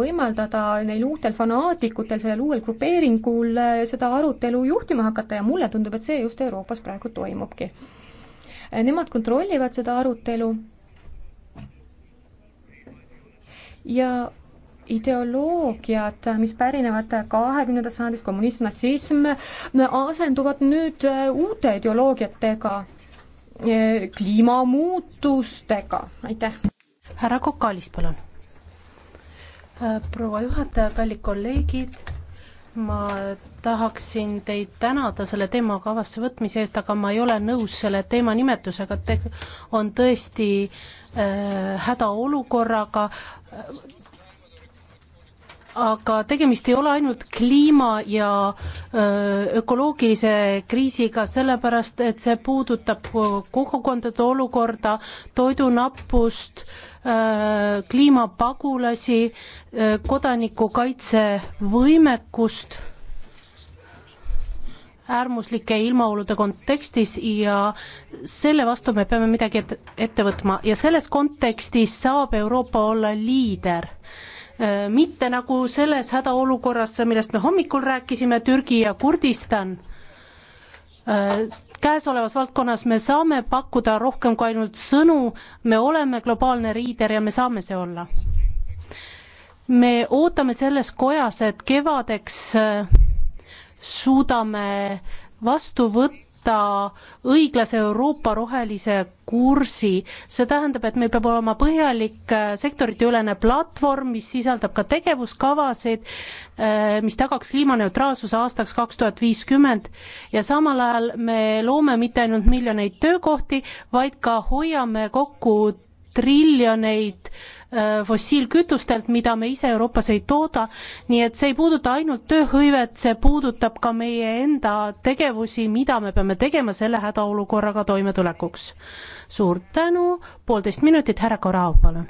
võimaldada neil uutel fanaatikutel, sellel uuel grupeeringul eh, seda arutelu juhtima hakata ja mulle tundub, et see just Euroopas praegu toimubki. Eh, nemad kontrollivad seda arutelu ja ideoloogiad, mis pärinevad kahekümnendast sajandist, kommunism, natsism, asenduvad nüüd eh, uute ideoloogiatega, kliimamuutustega, aitäh. härra Kokalist, palun Äh, proua juhataja, kallid kolleegid, ma tahaksin teid tänada selle teema kavasse võtmise eest, aga ma ei ole nõus selle teema nimetusega, et on tõesti äh, hädaolukorraga äh,, aga tegemist ei ole ainult kliima ja äh, ökoloogilise kriisiga, sellepärast et see puudutab kogukondade olukorda, toidunappust äh,, Äh, kliimapagulasi, äh, kodanikukaitsevõimekust äärmuslike ilmaolude kontekstis ja selle vastu me peame midagi ette, ette võtma ja selles kontekstis saab Euroopa olla liider. Äh, mitte nagu selles hädaolukorras, millest me hommikul rääkisime, Türgi ja Kurdistan käesolevas valdkonnas me saame pakkuda rohkem kui ainult sõnu, me oleme globaalne liider ja me saame see olla. me ootame selles kojas, et kevadeks äh, suudame vastu võtta võtta õiglase Euroopa rohelise kursi. see tähendab, et meil peab olema põhjalik äh, sektoriteülene platvorm, mis sisaldab ka tegevuskavasid, äh, mis tagaks kliimaneutraalsuse aastaks kaks tuhat viiskümmend ja samal ajal me loome mitte ainult miljoneid töökohti, vaid ka hoiame kokku triljoneid äh, fossiilkütustelt, mida me ise Euroopas ei tooda, nii et see ei puuduta ainult tööhõivet, see puudutab ka meie enda tegevusi, mida me peame tegema selle hädaolukorraga toimetulekuks. suur tänu, poolteist minutit, härra Korao, palun.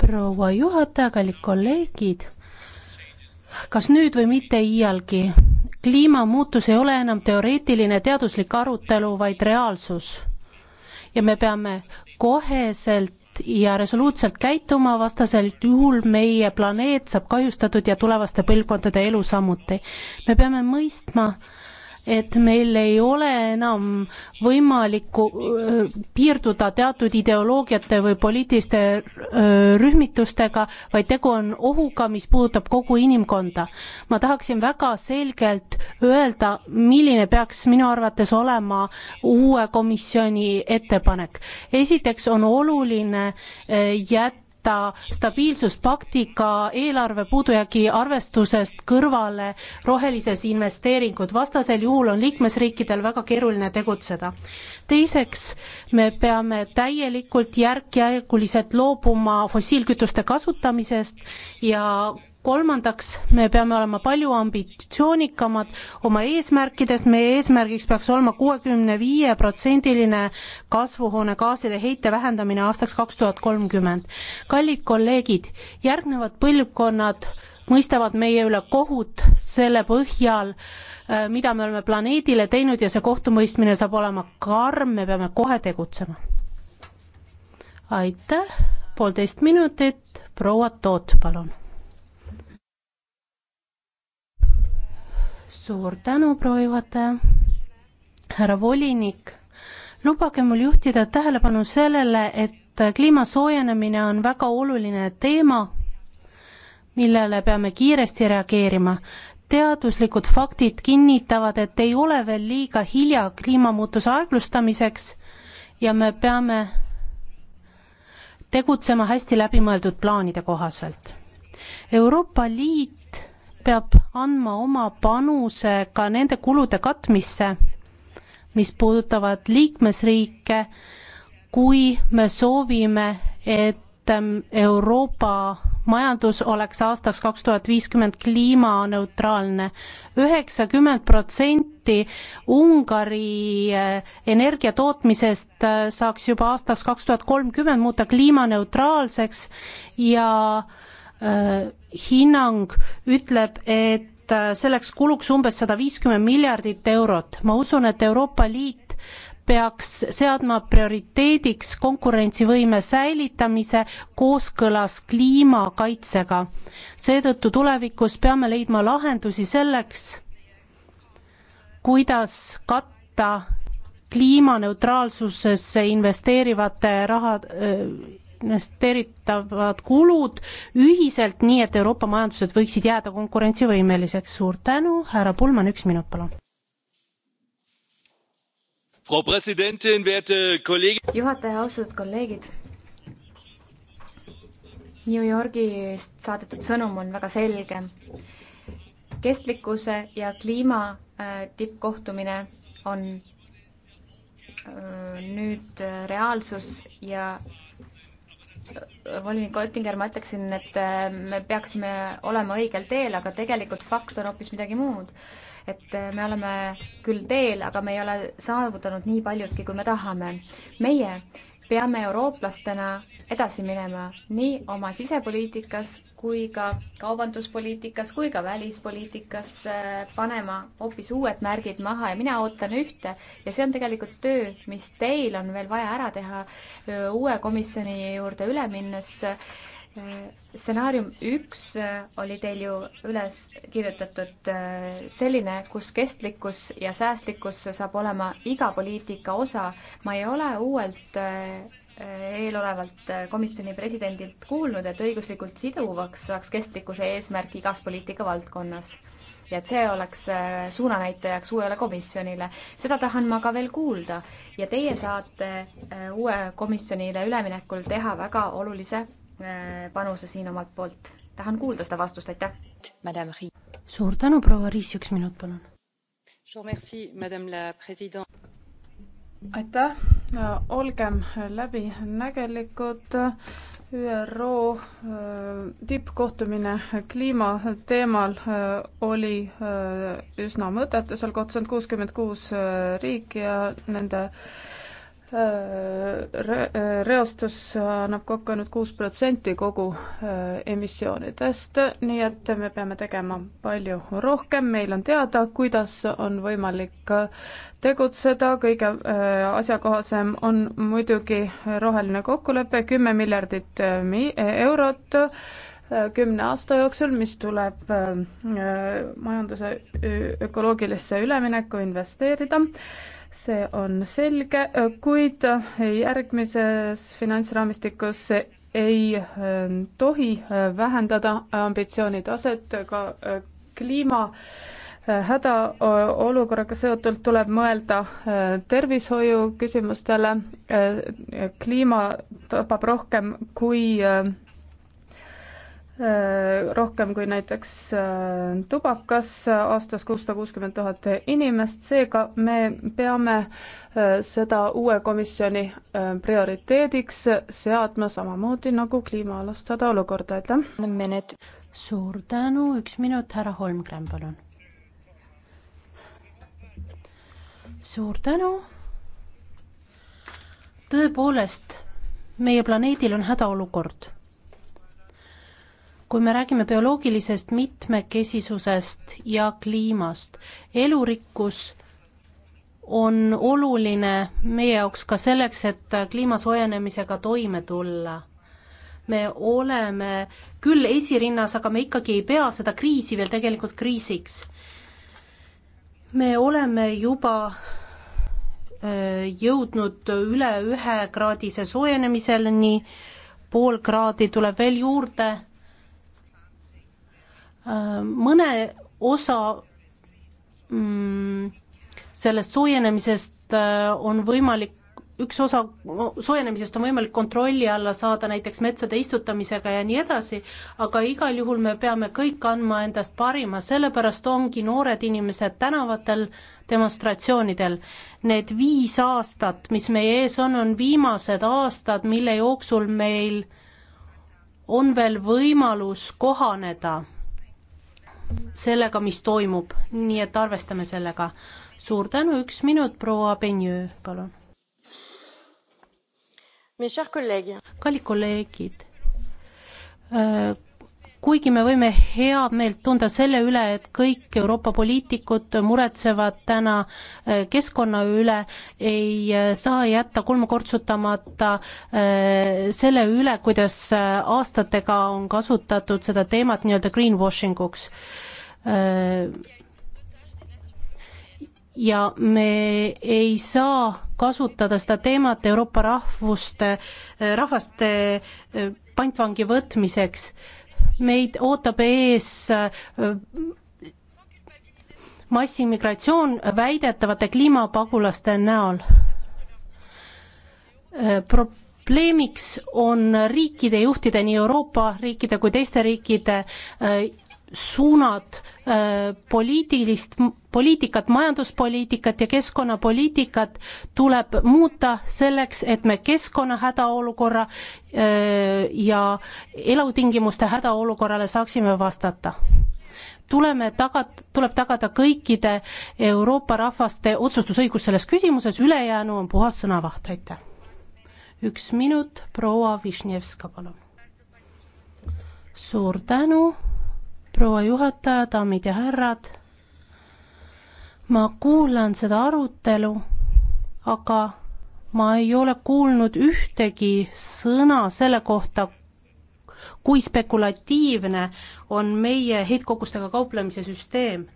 proua juhataja, kallid kolleegid, kas nüüd või mitte iialgi kliimamuutus ei ole enam teoreetiline teaduslik arutelu, vaid reaalsus. ja me peame koheselt ja resoluutselt käituma, vastasel juhul meie planeet saab kahjustatud ja tulevaste põlvkondade elu samuti. me peame mõistma, et meil ei ole enam võimalikku piirduda teatud ideoloogiate või poliitiliste rühmitustega, vaid tegu on ohuga, mis puudutab kogu inimkonda. ma tahaksin väga selgelt öelda, milline peaks minu arvates olema uue komisjoni ettepanek. esiteks on oluline jätta jätta stabiilsuspaktiga eelarve puudujäägi arvestusest kõrvale rohelises investeeringud, vastasel juhul on liikmesriikidel väga keeruline tegutseda. teiseks, me peame täielikult järk-järguliselt loobuma fossiilkütuste kasutamisest ja kolmandaks, me peame olema palju ambitsioonikamad oma eesmärkides, meie eesmärgiks peaks olema kuuekümne viie protsendiline kasvuhoonegaaside heite vähendamine aastaks kaks tuhat kolmkümmend. kallid kolleegid, järgnevad põlvkonnad mõistavad meie üle kohut selle põhjal, äh, mida me oleme planeedile teinud ja see kohtumõistmine saab olema karm, me peame kohe tegutsema. aitäh, poolteist minutit, proua Toot, palun suur tänu, proua juhataja. härra volinik, lubage mul juhtida tähelepanu sellele, et kliima soojenemine on väga oluline teema, millele peame kiiresti reageerima. teaduslikud faktid kinnitavad, et ei ole veel liiga hilja kliimamuutuse aeglustamiseks ja me peame tegutsema hästi läbimõeldud plaanide kohaselt. Euroopa Liit peab andma oma panuse ka nende kulude katmisse, mis puudutavad liikmesriike, kui me soovime, et ähm, Euroopa majandus oleks aastaks kaks tuhat viiskümmend kliimaneutraalne. üheksakümmend protsenti Ungari äh, energiatootmisest äh, saaks juba aastaks kaks tuhat kolmkümmend muuta kliimaneutraalseks ja Äh, hinnang ütleb, et äh, selleks kuluks umbes sada viiskümmend miljardit eurot. ma usun, et Euroopa Liit peaks seadma prioriteediks konkurentsivõime säilitamise kooskõlas kliimakaitsega. seetõttu tulevikus peame leidma lahendusi selleks, kuidas katta kliimaneutraalsusesse investeerivate raha, äh, investeeritavad kulud ühiselt, nii et Euroopa majandused võiksid jääda konkurentsivõimeliseks. suur tänu, härra Pullmann, üks minut, palun. juhataja, austatud kolleegid New Yorgist saadetud sõnum on väga selge. kestlikkuse ja kliima äh, tippkohtumine on äh, nüüd äh, reaalsus ja volinik Oettinger, ma ütleksin, et äh, me peaksime olema õigel teel, aga tegelikult fakt on hoopis midagi muud. et äh, me oleme küll teel, aga me ei ole saavutanud nii paljutki, kui me tahame. meie peame eurooplastena edasi minema nii oma sisepoliitikas kui ka kaubanduspoliitikas kui ka välispoliitikas äh, panema hoopis uued märgid maha ja mina ootan ühte ja see on tegelikult töö, mis teil on veel vaja ära teha äh, uue komisjoni juurde üle minnes äh, stsenaarium üks oli teil ju üles kirjutatud selline, kus kestlikkus ja säästlikkus saab olema iga poliitika osa. ma ei ole uuelt eelolevalt komisjoni presidendilt kuulnud, et õiguslikult siduvaks saaks kestlikkuse eesmärk igas poliitikavaldkonnas ja et see oleks äh, suunanäitajaks uuele komisjonile. seda tahan ma ka veel kuulda ja teie saate äh, uue komisjonile üleminekul teha väga olulise äh, panuse siin omalt poolt. tahan kuulda seda vastust, aitäh. suur tänu, proua Riis, üks minut, palun aitäh, olgem läbinägelikud. ÜRO äh, tippkohtumine kliima teemal äh, oli äh, üsna mõttetu, seal kohtus on kuuskümmend kuus riiki ja nende Äh, re-, äh, reostus annab kokku ainult kuus protsenti kogu äh, emissioonidest, nii et me peame tegema palju rohkem, meil on teada, kuidas on võimalik tegutseda, kõige asjakohasem on muidugi roheline kokkulepe, kümme miljardit mi-, e-, eurot kümne aasta jooksul, mis tuleb majanduse ökoloogilisse üleminekku investeerida see on selge, kuid järgmises finantsraamistikus ei äh, tohi äh, vähendada ambitsiooni taset ka äh, kliima hädaolukorraga seotult tuleb mõelda tervishoiu küsimustele, kliima tabab rohkem kui Äh, rohkem kui näiteks äh, tubakas, äh, aastas kuussada kuuskümmend tuhat inimest, seega me peame seda uue komisjoni prioriteediks seadma samamoodi nagu kliimaalast seda olukorda, aitäh. suur tänu, üks minut, härra Holmgren, palun. suur tänu. tõepoolest, meie planeedil on hädaolukord kui me räägime bioloogilisest mitmekesisusest ja kliimast, elurikkus on oluline meie jaoks ka selleks, et kliima soojenemisega toime tulla. me oleme küll esirinnas, aga me ikkagi ei pea seda kriisi veel tegelikult kriisiks. me oleme juba jõudnud üle ühe kraadise soojenemiseni, pool kraadi tuleb veel juurde Äh, mõne osa mm, sellest soojenemisest äh, on võimalik, üks osa soojenemisest on võimalik kontrolli alla saada näiteks metsade istutamisega ja nii edasi, aga igal juhul me peame kõik andma endast parima, sellepärast ongi noored inimesed tänavatel demonstratsioonidel. Need viis aastat, mis meie ees on, on viimased aastad, mille jooksul meil on veel võimalus kohaneda sellega, mis toimub, nii et arvestame sellega. suur tänu, üks minut, proua Benjõe, palun. kallid kolleegid kuigi me võime head meelt tunda selle üle, et kõik Euroopa poliitikud muretsevad täna eh, keskkonna üle, ei eh, saa jätta kolmekordsutamata eh, selle üle, kuidas aastatega on kasutatud seda teemat nii-öelda greenwashing uks ja me ei saa kasutada seda teemat Euroopa rahvuste, rahvaste pantvangi võtmiseks meid ootab ees äh, massiimmigratsioon väidetavate kliimapagulaste näol. Äh, probleemiks on riikide juhtide, nii Euroopa riikide kui teiste riikide äh, suunad äh, poliitilist, poliitikat, majanduspoliitikat ja keskkonnapoliitikat tuleb muuta selleks, et me keskkonna hädaolukorra äh, ja elutingimuste hädaolukorrale saaksime vastata. tuleme taga, tuleb tagada kõikide Euroopa rahvaste otsustusõigus selles küsimuses, ülejäänu on puhas sõnavaht, aitäh. üks minut, proua Višnjevska, palun. suur tänu proua juhataja, daamid ja härrad. ma kuulan seda arutelu, aga ma ei ole kuulnud ühtegi sõna selle kohta, kui spekulatiivne on meie heitkogustega kauplemise süsteem.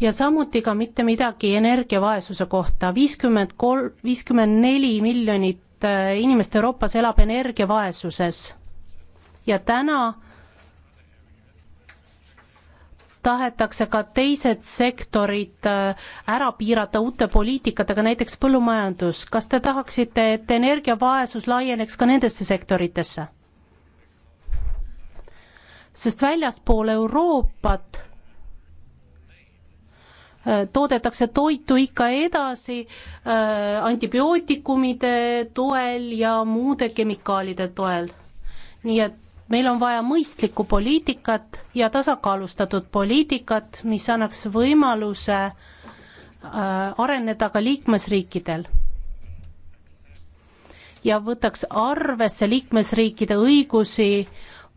ja samuti ka mitte midagi energiavaesuse kohta, viiskümmend kolm, viiskümmend neli miljonit äh, inimest Euroopas elab energiavaesuses ja täna tahetakse ka teised sektorid äh, ära piirata uute poliitikatega, näiteks põllumajandus. kas te tahaksite, et energiavaesus laieneks ka nendesse sektoritesse? sest väljaspool Euroopat äh, toodetakse toitu ikka edasi äh, antibiootikumide toel ja muude kemikaalide toel. nii et meil on vaja mõistlikku poliitikat ja tasakaalustatud poliitikat, mis annaks võimaluse äh, areneda ka liikmesriikidel ja võtaks arvesse liikmesriikide õigusi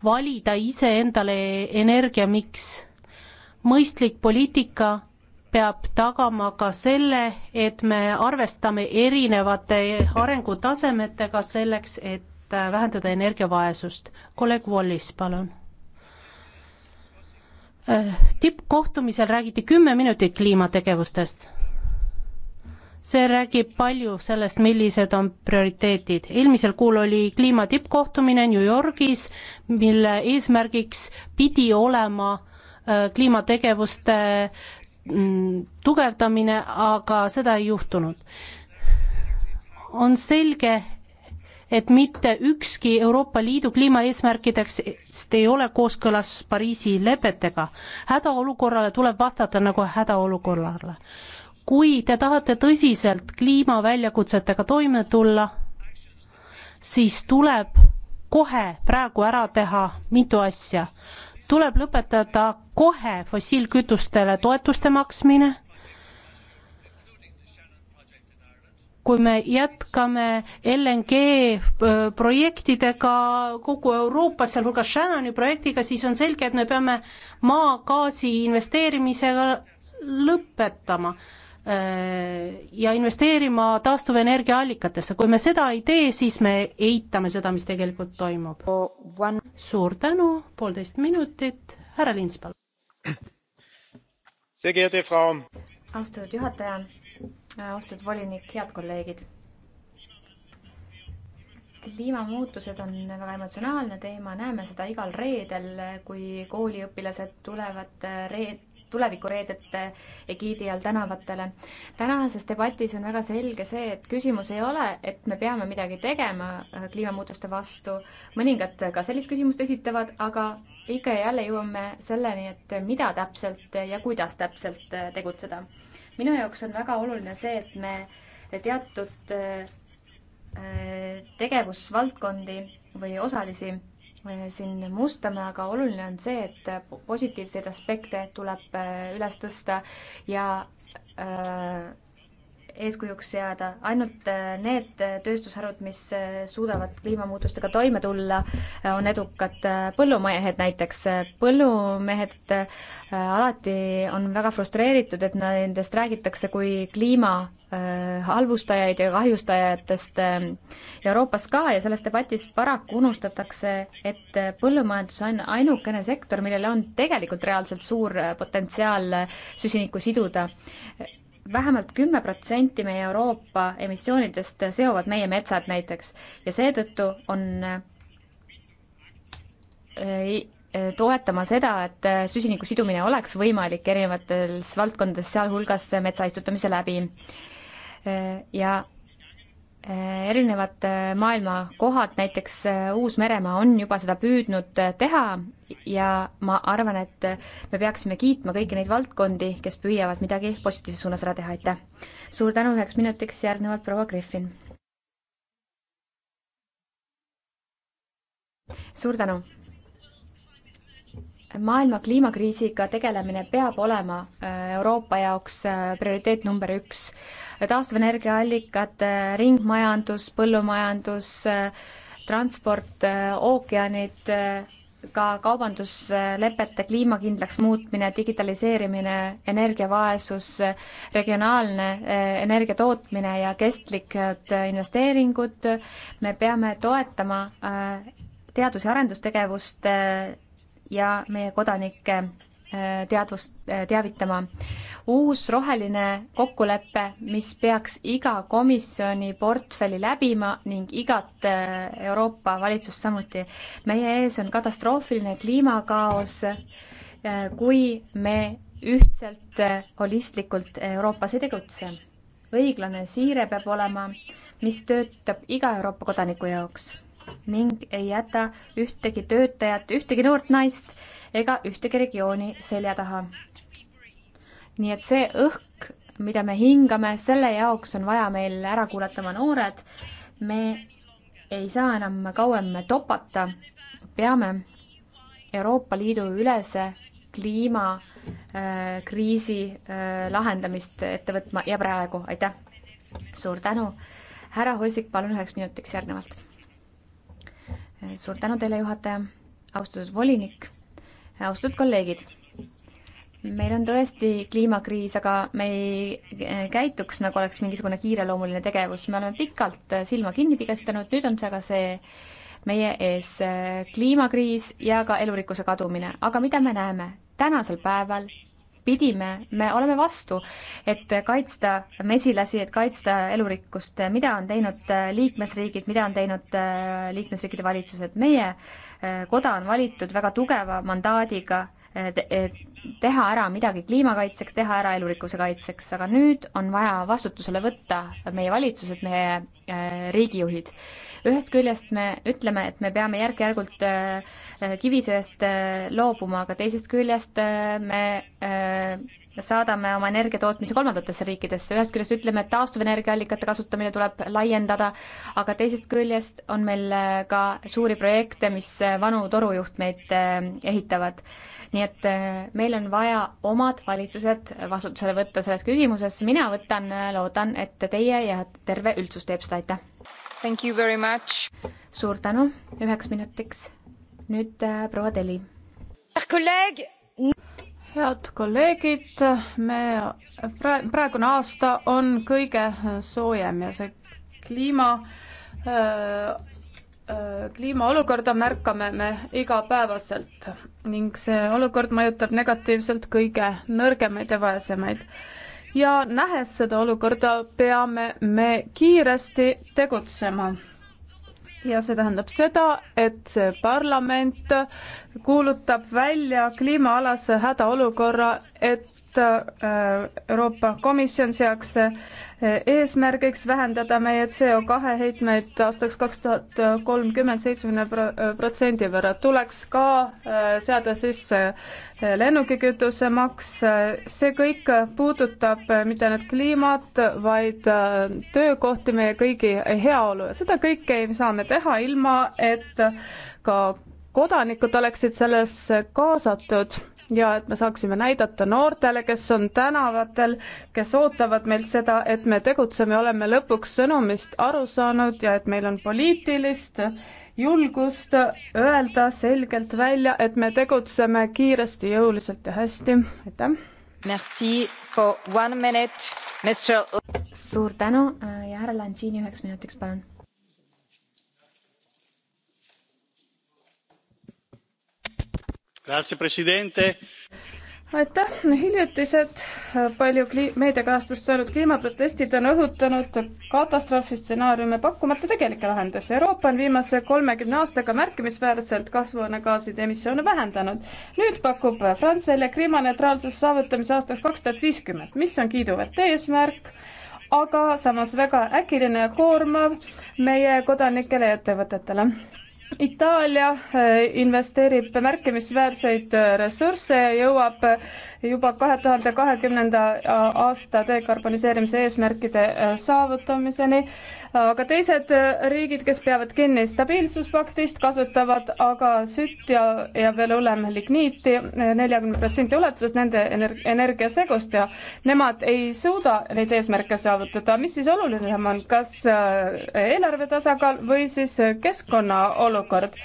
valida iseendale energiamiks. mõistlik poliitika peab tagama ka selle, et me arvestame erinevate arengutasemetega selleks, et et äh, vähendada energiavaesust. kolleeg Wallis, palun. Äh, tippkohtumisel räägiti kümme minutit kliimategevustest. see räägib palju sellest, millised on prioriteedid. eelmisel kuul oli kliima tippkohtumine New Yorgis, mille eesmärgiks pidi olema äh, kliimategevuste mm, tugevdamine, aga seda ei juhtunud. on selge, et mitte ükski Euroopa Liidu kliimaeesmärkideks ei ole kooskõlas Pariisi lepetega. hädaolukorrale tuleb vastata nagu hädaolukorrale. kui te tahate tõsiselt kliimaväljakutsetega toime tulla, siis tuleb kohe praegu ära teha mitu asja. tuleb lõpetada kohe fossiilkütustele toetuste maksmine kui me jätkame LNG äh, projektidega kogu Euroopas, sealhulgas Shannoni projektiga, siis on selge, et me peame maagaasi investeerimisega lõpetama äh, ja investeerima taastuvenergiaallikatesse, kui me seda ei tee, siis me eitame seda, mis tegelikult toimub. suur tänu, poolteist minutit, härra Lins, palun. austatud juhataja Äh, austatud volinik, head kolleegid. kliimamuutused on väga emotsionaalne teema, näeme seda igal reedel, kui kooliõpilased tulevad äh, reed-, tulevikureedete egiidi all tänavatele. tänases debatis on väga selge see, et küsimus ei ole, et me peame midagi tegema äh, kliimamuutuste vastu, mõningad ka sellist küsimust esitavad, aga ikka ja jälle jõuame selleni, et mida täpselt ja kuidas täpselt tegutseda minu jaoks on väga oluline see, et me teatud äh, tegevusvaldkondi või osalisi äh, siin mustame, aga oluline on see, et positiivseid aspekte tuleb äh, üles tõsta ja eeskujuks seada. ainult äh, need äh, tööstusharud, mis äh, suudavad kliimamuutustega toime tulla, on edukad. põllumehed näiteks, põllumehed alati on väga frustreeritud, et nendest räägitakse kui kliima halvustajaid ja kahjustajatest Euroopas ka ja selles debatis paraku unustatakse, et põllumajandus on ainukene sektor, millel on tegelikult reaalselt suur potentsiaal süsinikku siduda vähemalt kümme protsenti meie Euroopa emissioonidest seovad meie metsad näiteks ja seetõttu on äh, äh, toetama seda, et äh, süsiniku sidumine oleks võimalik erinevates valdkondades, sealhulgas metsa istutamise läbi. ja erinevad maailma kohad, näiteks Uus-Meremaa on juba seda püüdnud teha ja ma arvan, et me peaksime kiitma kõiki neid valdkondi, kes püüavad midagi positiivses suunas ära teha, aitäh. suur tänu üheks minutiks, järgnevalt proua Griffin. suur tänu maailma kliimakriisiga tegelemine peab olema äh, Euroopa jaoks äh, prioriteet number üks. taastuvenergiaallikad, äh, ringmajandus, põllumajandus, transport, ookeanid ka kaubanduslepete kliimakindlaks muutmine, digitaliseerimine, energiavaesus, regionaalne eh, energia tootmine ja kestlikud eh, investeeringud. me peame toetama eh, teadus- ja arendustegevust ja meie kodanike teadvust, teavitama. uus roheline kokkulepe, mis peaks iga komisjoni portfelli läbima ning igat äh, Euroopa valitsust samuti. meie ees on katastroofiline kliimakaos, äh, kui me ühtselt, äh, holistlikult Euroopas ei tegutse. õiglane siire peab olema, mis töötab iga Euroopa kodaniku jaoks ning ei jäta ühtegi töötajat, ühtegi noort naist ega ühtegi regiooni selja taha. nii et see õhk, mida me hingame, selle jaoks on vaja meil ära kuulata oma noored. me ei saa enam kauem topata, peame Euroopa Liidu ülese kliimakriisi äh, äh, lahendamist ette võtma ja praegu, aitäh! suur tänu, härra Hoisik, palun üheks minutiks järgnevalt. Äh, suur tänu teile, juhataja, austatud volinik austatud kolleegid meil on tõesti kliimakriis, aga me ei eh, käituks, nagu oleks mingisugune kiireloomuline tegevus, me oleme pikalt eh, silma kinni pigestanud, nüüd on see aga see meie ees eh, kliimakriis ja ka elurikkuse kadumine, aga mida me näeme? tänasel päeval pidime, me oleme vastu, et kaitsta mesilasi, et kaitsta elurikkust, mida on teinud äh, liikmesriigid, mida on teinud äh, liikmesriikide valitsused, meie äh, koda on valitud väga tugeva mandaadiga teha ära midagi kliima kaitseks, teha ära elurikkuse kaitseks, aga nüüd on vaja vastutusele võtta meie valitsused, meie äh, riigijuhid. ühest küljest me ütleme, et me peame järk-järgult äh, kivisöest äh, loobuma, aga teisest küljest me saadame oma energiatootmise kolmandatesse riikidesse, ühest küljest ütleme, et taastuvenergiaallikate kasutamine tuleb laiendada, aga teisest küljest on meil ka suuri projekte, mis vanu torujuhtmeid ehitavad nii et äh, meil on vaja omad valitsused vastutusele võtta selles küsimuses, mina võtan, äh, loodan, et teie ja terve üldsus teeb seda, aitäh! Thank you very much! suur tänu, üheks minutiks. nüüd äh, proua Teli. kolleeg head kolleegid, me pra-, praegune aasta on kõige soojem ja see kliima öö, kliimaolukorda märkame me igapäevaselt ning see olukord mõjutab negatiivselt kõige nõrgemaid ja vaesemaid. ja nähes seda olukorda, peame me kiiresti tegutsema. ja see tähendab seda, et see parlament kuulutab välja kliimaalase hädaolukorra, et Äh, Euroopa Komisjon seaks äh, eesmärgiks vähendada meie CO2 heitmeid aastaks kaks tuhat kolmkümmend seitsmekümne äh, protsendi võrra. tuleks ka seada sisse lennukikütuse maks, see kõik puudutab mitte ainult kliimat, vaid töökohti, meie kõigi heaolu ja seda kõike ei saa me teha ilma, et ka kodanikud oleksid sellesse kaasatud ja et me saaksime näidata noortele, kes on tänavatel, kes ootavad meilt seda, et me tegutseme, oleme lõpuks sõnumist aru saanud ja et meil on poliitilist julgust öelda selgelt välja, et me tegutseme kiiresti, jõuliselt ja hästi. aitäh. Merci for one minute, Mr. suur tänu äh, ja härra Lanchini üheks minutiks, palun aitäh, hiljutised palju kli-, meediakajastust saanud kliimaprotestid on õhutanud katastroofistsenaariume pakkumata tegelikke lahendusi. Euroopa on viimase kolmekümne aastaga märkimisväärselt kasvuhoonegaaside emissioone vähendanud. nüüd pakub Franz välja kliimaneutraalsuse saavutamise aastaks kaks tuhat viiskümmend, mis on kiiduväärt eesmärk aga samas väga äkiline ja koormav meie kodanikele ja ettevõtetele. Itaalia äh, investeerib märkimisväärseid äh, ressursse ja jõuab äh, juba kahe tuhande kahekümnenda äh, aasta dekarboniseerimise eesmärkide äh, saavutamiseni, aga teised äh, riigid, kes peavad kinni stabiilsuspaktist, kasutavad aga sütt ja, ja veel hullem ligniiti neljakümne protsendi ulatuses nende energ-, energiasegust ja nemad ei suuda neid eesmärke saavutada. mis siis olulisem on, kas eelarve tasakaal või siis keskkonna olukord?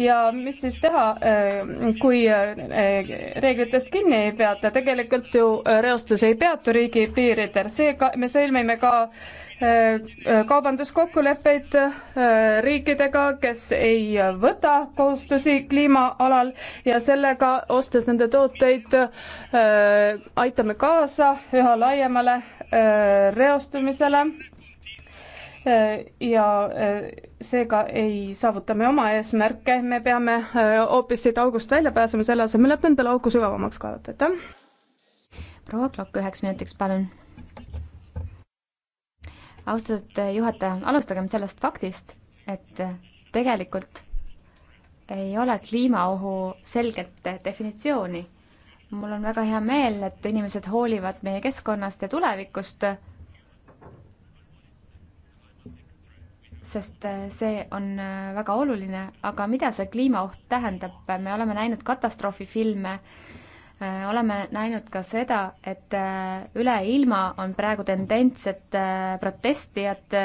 ja mis siis teha, äh, kui äh, reeglitest kinni ei peata, tegelikult ju äh, reostus ei peatu riigipiiridel, seega me sõlmime ka kaubanduskokkuleppeid riikidega, kes ei võta kohustusi kliima alal ja sellega, ostes nende tooteid, aitame kaasa üha laiemale reostumisele ja seega ei saavuta me oma eesmärke, me peame äh, hoopis siit august välja pääsema, selle asemel, et endale auku sügavamaks kaevata, aitäh. proua Klokk üheks minutiks, palun. austatud äh, juhataja, alustagem sellest faktist, et äh, tegelikult ei ole kliimaohu selget definitsiooni. mul on väga hea meel, et inimesed hoolivad meie keskkonnast ja tulevikust sest äh, see on äh, väga oluline, aga mida see kliimaoht tähendab, me oleme näinud katastroofifilme, äh, oleme näinud ka seda, et üle ilma on praegu tendents, et protestijad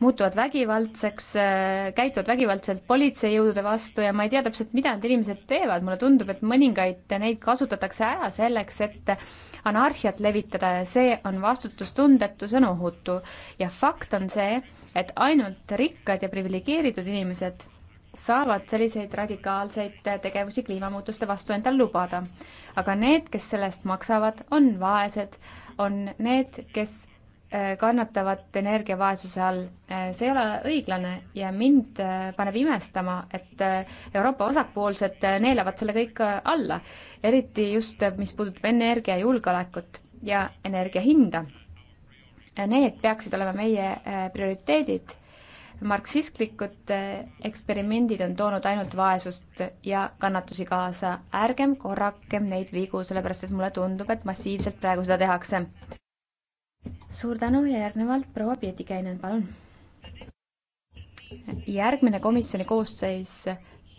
muutuvad vägivaldseks, käituvad vägivaldselt politseijõudude vastu ja ma ei tea täpselt, mida need inimesed teevad, mulle tundub, et mõningaid neid kasutatakse ära selleks, et anarhiat levitada ja see on vastutustundetu, see on ohutu. ja fakt on see, et ainult rikkad ja priviligeeritud inimesed saavad selliseid radikaalseid tegevusi kliimamuutuste vastu endal lubada. aga need, kes selle eest maksavad, on vaesed, on need, kes äh, kannatavad energiavaesuse all. Äh, see ei ole õiglane ja mind äh, paneb imestama, et Euroopa vasakpoolsed neelavad selle kõik alla, eriti just, mis puudutab energiajulgeolekut ja energia hinda Need peaksid olema meie äh, prioriteedid. marksistlikud äh, eksperimendid on toonud ainult vaesust ja kannatusi kaasa. ärgem korrakem neid vigu, sellepärast et mulle tundub, et massiivselt praegu seda tehakse. suur tänu ja järgnevalt proua Pietikäinen, palun. järgmine komisjoni koosseis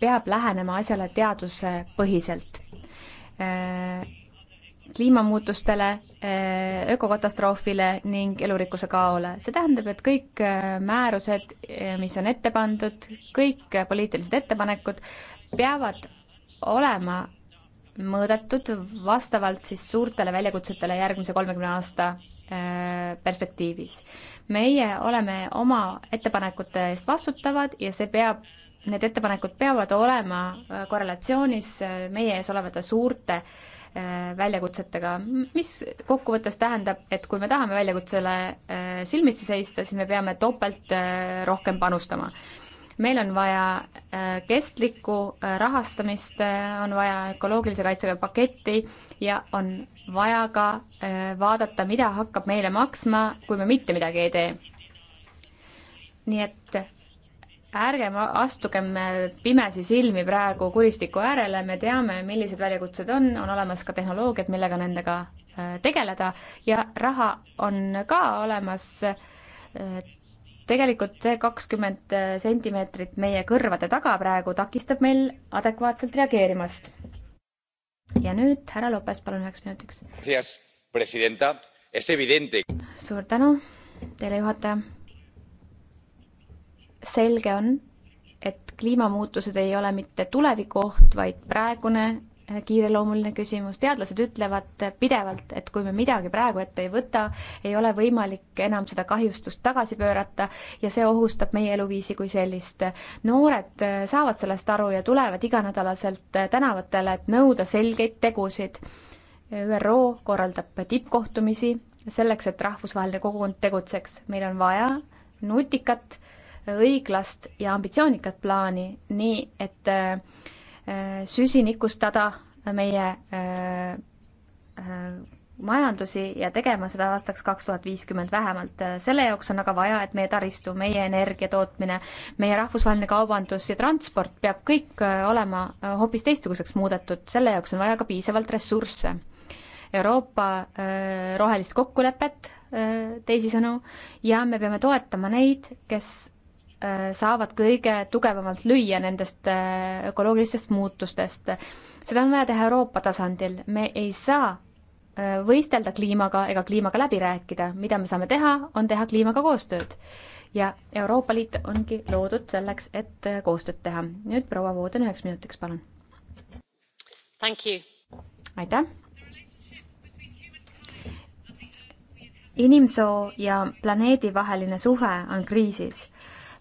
peab lähenema asjale teaduspõhiselt äh, kliimamuutustele, eh, ökokatastroofile ning elurikkuse kaole. see tähendab, et kõik eh, määrused, eh, mis on ette pandud, kõik poliitilised ettepanekud peavad olema mõõdetud vastavalt siis suurtele väljakutsetele järgmise kolmekümne aasta perspektiivis. meie oleme oma ettepanekute eest vastutavad ja see peab need ettepanekud peavad olema korrelatsioonis meie ees olevate suurte Äh, väljakutsetega, mis kokkuvõttes tähendab, et kui me tahame väljakutsele äh, silmitsi seista, siis me peame topelt äh, rohkem panustama. meil on vaja kestlikku rahastamist, on vaja ökoloogilise kaitsega paketti ja on vaja ka vaadata, mida hakkab meile maksma, kui me mitte midagi ei tee nii et ärgem astugem pimesi silmi praegu kuristiku äärele, me teame, millised väljakutsed on, on olemas ka tehnoloogiad, millega nendega äh, tegeleda ja raha on ka olemas. Äh, tegelikult see kakskümmend äh, sentimeetrit meie kõrvade taga praegu takistab meil adekvaatselt reageerimast. ja nüüd härra Lopes, palun üheks minutiks. suur tänu teile, juhataja selge on, et kliimamuutused ei ole mitte tuleviku oht, vaid praegune eh, kiireloomuline küsimus, teadlased ütlevad pidevalt, et kui me midagi praegu ette ei võta, ei ole võimalik enam seda kahjustust tagasi pöörata ja see ohustab meie eluviisi kui sellist. noored eh, saavad sellest aru ja tulevad iganädalaselt eh, tänavatele, et nõuda selgeid tegusid. ÜRO korraldab tippkohtumisi selleks, et rahvusvaheline kogukond tegutseks. meil on vaja nutikat õiglast ja ambitsioonikat plaani, nii et äh, süsinikustada meie äh, äh, majandusi ja tegema seda aastaks kaks tuhat viiskümmend vähemalt. selle jaoks on aga vaja, et meie taristu, meie energiatootmine, meie rahvusvaheline kaubandus ja transport peab kõik olema hoopis teistsuguseks muudetud, selle jaoks on vaja ka piisavalt ressursse. Euroopa rohelist kokkulepet teisisõnu ja me peame toetama neid, kes Äh, saavad kõige tugevamalt lüüa nendest äh, ökoloogilistest muutustest. seda on vaja teha Euroopa tasandil, me ei saa äh, võistelda kliimaga ega kliimaga läbi rääkida, mida me saame teha, on teha kliimaga koostööd. ja Euroopa Liit ongi loodud selleks, et koostööd teha. nüüd proua Vooden üheks minutiks, palun. aitäh. inimsoo ja planeedi vaheline suhe on kriisis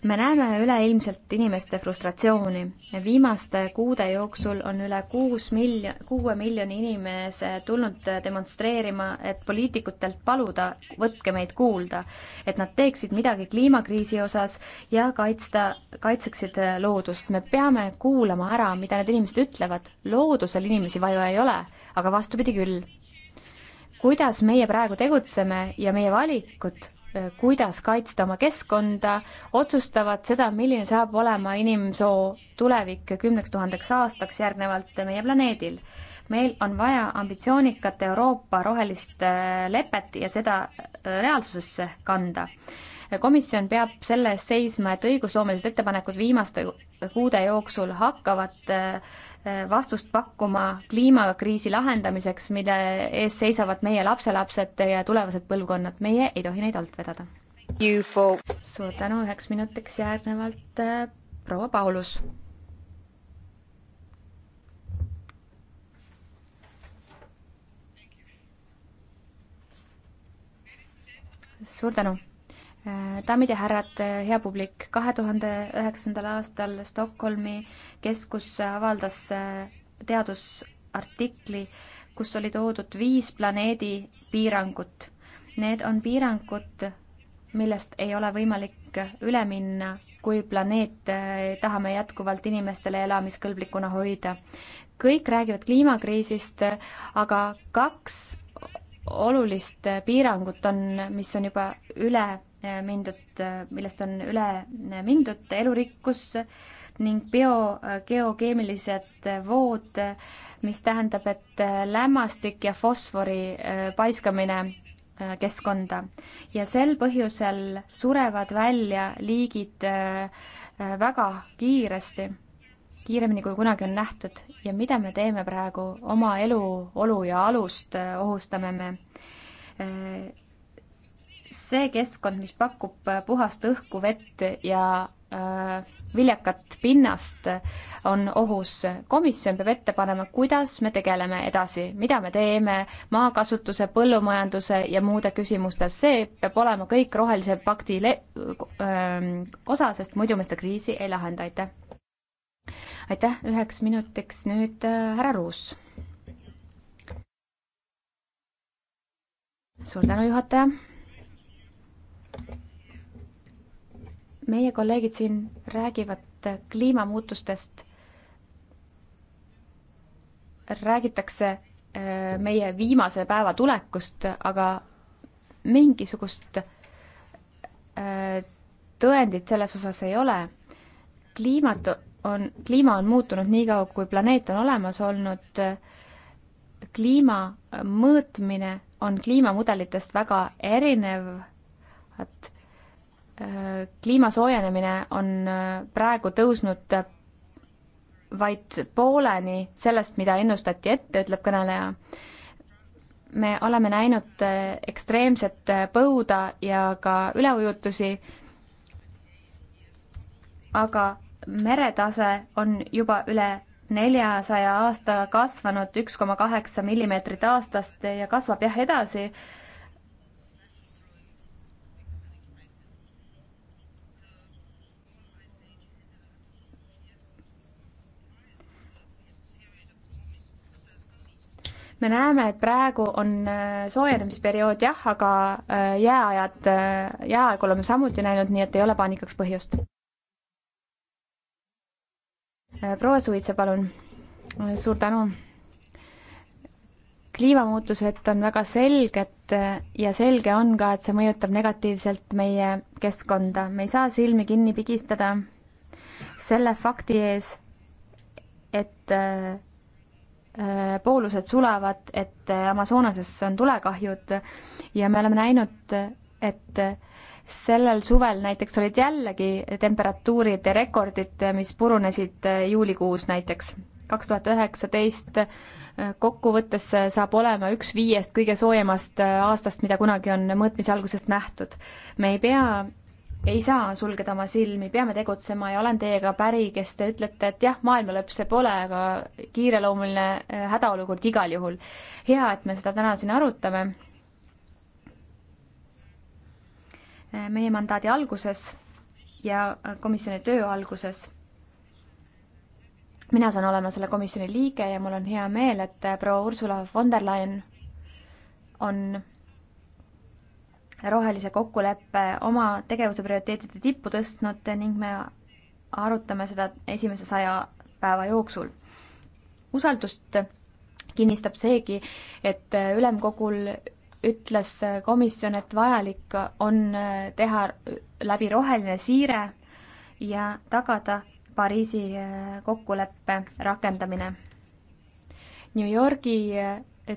me näeme üleilmselt inimeste frustratsiooni. viimaste kuude jooksul on üle kuus miljon, kuue miljoni inimese tulnud demonstreerima, et poliitikutelt paluda, võtke meid kuulda, et nad teeksid midagi kliimakriisi osas ja kaitsta, kaitseksid loodust. me peame kuulama ära, mida need inimesed ütlevad. loodusel inimesi vaju ei ole, aga vastupidi küll. kuidas meie praegu tegutseme ja meie valikud kuidas kaitsta oma keskkonda, otsustavad seda, milline saab olema inimsoo tulevik kümneks tuhandeks aastaks järgnevalt meie planeedil. meil on vaja ambitsioonikat Euroopa rohelist äh, lepet ja seda äh, reaalsusesse kanda. komisjon peab selle eest seisma, et õigusloomelised ettepanekud viimaste kuude jooksul hakkavad äh, vastust pakkuma kliimakriisi lahendamiseks, mille ees seisavad meie lapselapsed ja tulevased põlvkonnad. meie ei tohi neid alt vedada. For... suur tänu, üheks minutiks järgnevalt äh, proua Paulus. suur tänu äh, daamid ja härrad, äh, hea publik, kahe tuhande üheksandal aastal Stockholmi keskus avaldas äh, teadusartikli, kus oli toodud viis planeedi piirangut. Need on piirangud, millest ei ole võimalik üle minna, kui planeet äh, tahame jätkuvalt inimestele elamiskõlblikuna hoida. kõik räägivad kliimakriisist, aga kaks olulist äh, piirangut on, mis on juba üle mindud, millest on üle mindud, elurikkus ning biogeokeemilised äh, vood, mis tähendab, et äh, lämmastik ja fosfori äh, paiskamine keskkonda. ja sel põhjusel surevad välja liigid väga kiiresti, kiiremini kui kunagi on nähtud ja mida me teeme praegu, oma eluolu ja alust ohustame me see keskkond, mis pakub puhast õhku, vett ja äh, viljakat pinnast on ohus. komisjon peab ette panema, kuidas me tegeleme edasi, mida me teeme maakasutuse, põllumajanduse ja muude küsimustes, see peab olema kõik rohelise pakti le-, öö, osa, sest muidu me seda kriisi ei lahenda, aitäh. aitäh, üheks minutiks nüüd härra Ruus. suur tänu, juhataja meie kolleegid siin räägivad kliimamuutustest, räägitakse äh, meie viimase päeva tulekust, aga mingisugust äh, tõendit selles osas ei ole. kliimat on, kliima on muutunud nii kaua, kui planeet on olemas olnud. kliima mõõtmine on kliimamudelitest väga erinev, et kliima soojenemine on äh, praegu tõusnud äh, vaid pooleni sellest, mida ennustati ette, ütleb kõneleja. me oleme näinud äh, ekstreemset põuda ja ka üleujutusi, aga meretase on juba üle neljasaja aastaga kasvanud üks koma kaheksa millimeetrit aastast ja kasvab jah edasi me näeme, et praegu on äh, soojenemisperiood jah, aga äh, jääajad, äh, jääaeg oleme samuti näinud, nii et ei ole paanikaks põhjust. proua Suitsa, palun. suur tänu. kliimamuutused on väga selged ja selge on ka, et see mõjutab negatiivselt meie keskkonda, me ei saa silmi kinni pigistada selle fakti ees, et poolused äh, sulavad, et äh, Amazonases on tulekahjud ja me oleme näinud, et äh, sellel suvel näiteks olid jällegi temperatuurid ja rekordid, mis purunesid juulikuus näiteks. kaks tuhat üheksateist kokkuvõttes saab olema üks viiest kõige soojemast aastast, mida kunagi on mõõtmise algusest nähtud. me ei pea ei saa sulgeda oma silmi, peame tegutsema ja olen teiega päri, kes te ütlete, et jah, maailma lõpp see pole, aga kiireloomuline äh, hädaolukord igal juhul. hea, et me seda täna siin arutame. Äh, meie mandaadi alguses ja äh, komisjoni töö alguses mina saan olema selle komisjoni liige ja mul on hea meel, et proua Ursula von der Leyen on rohelise kokkuleppe oma tegevuse prioriteetide tippu tõstnud ning me arutame seda esimese saja päeva jooksul. usaldust kinnistab seegi, et ülemkogul ütles komisjon, et vajalik on teha läbi roheline siire ja tagada Pariisi kokkuleppe rakendamine. New Yorgi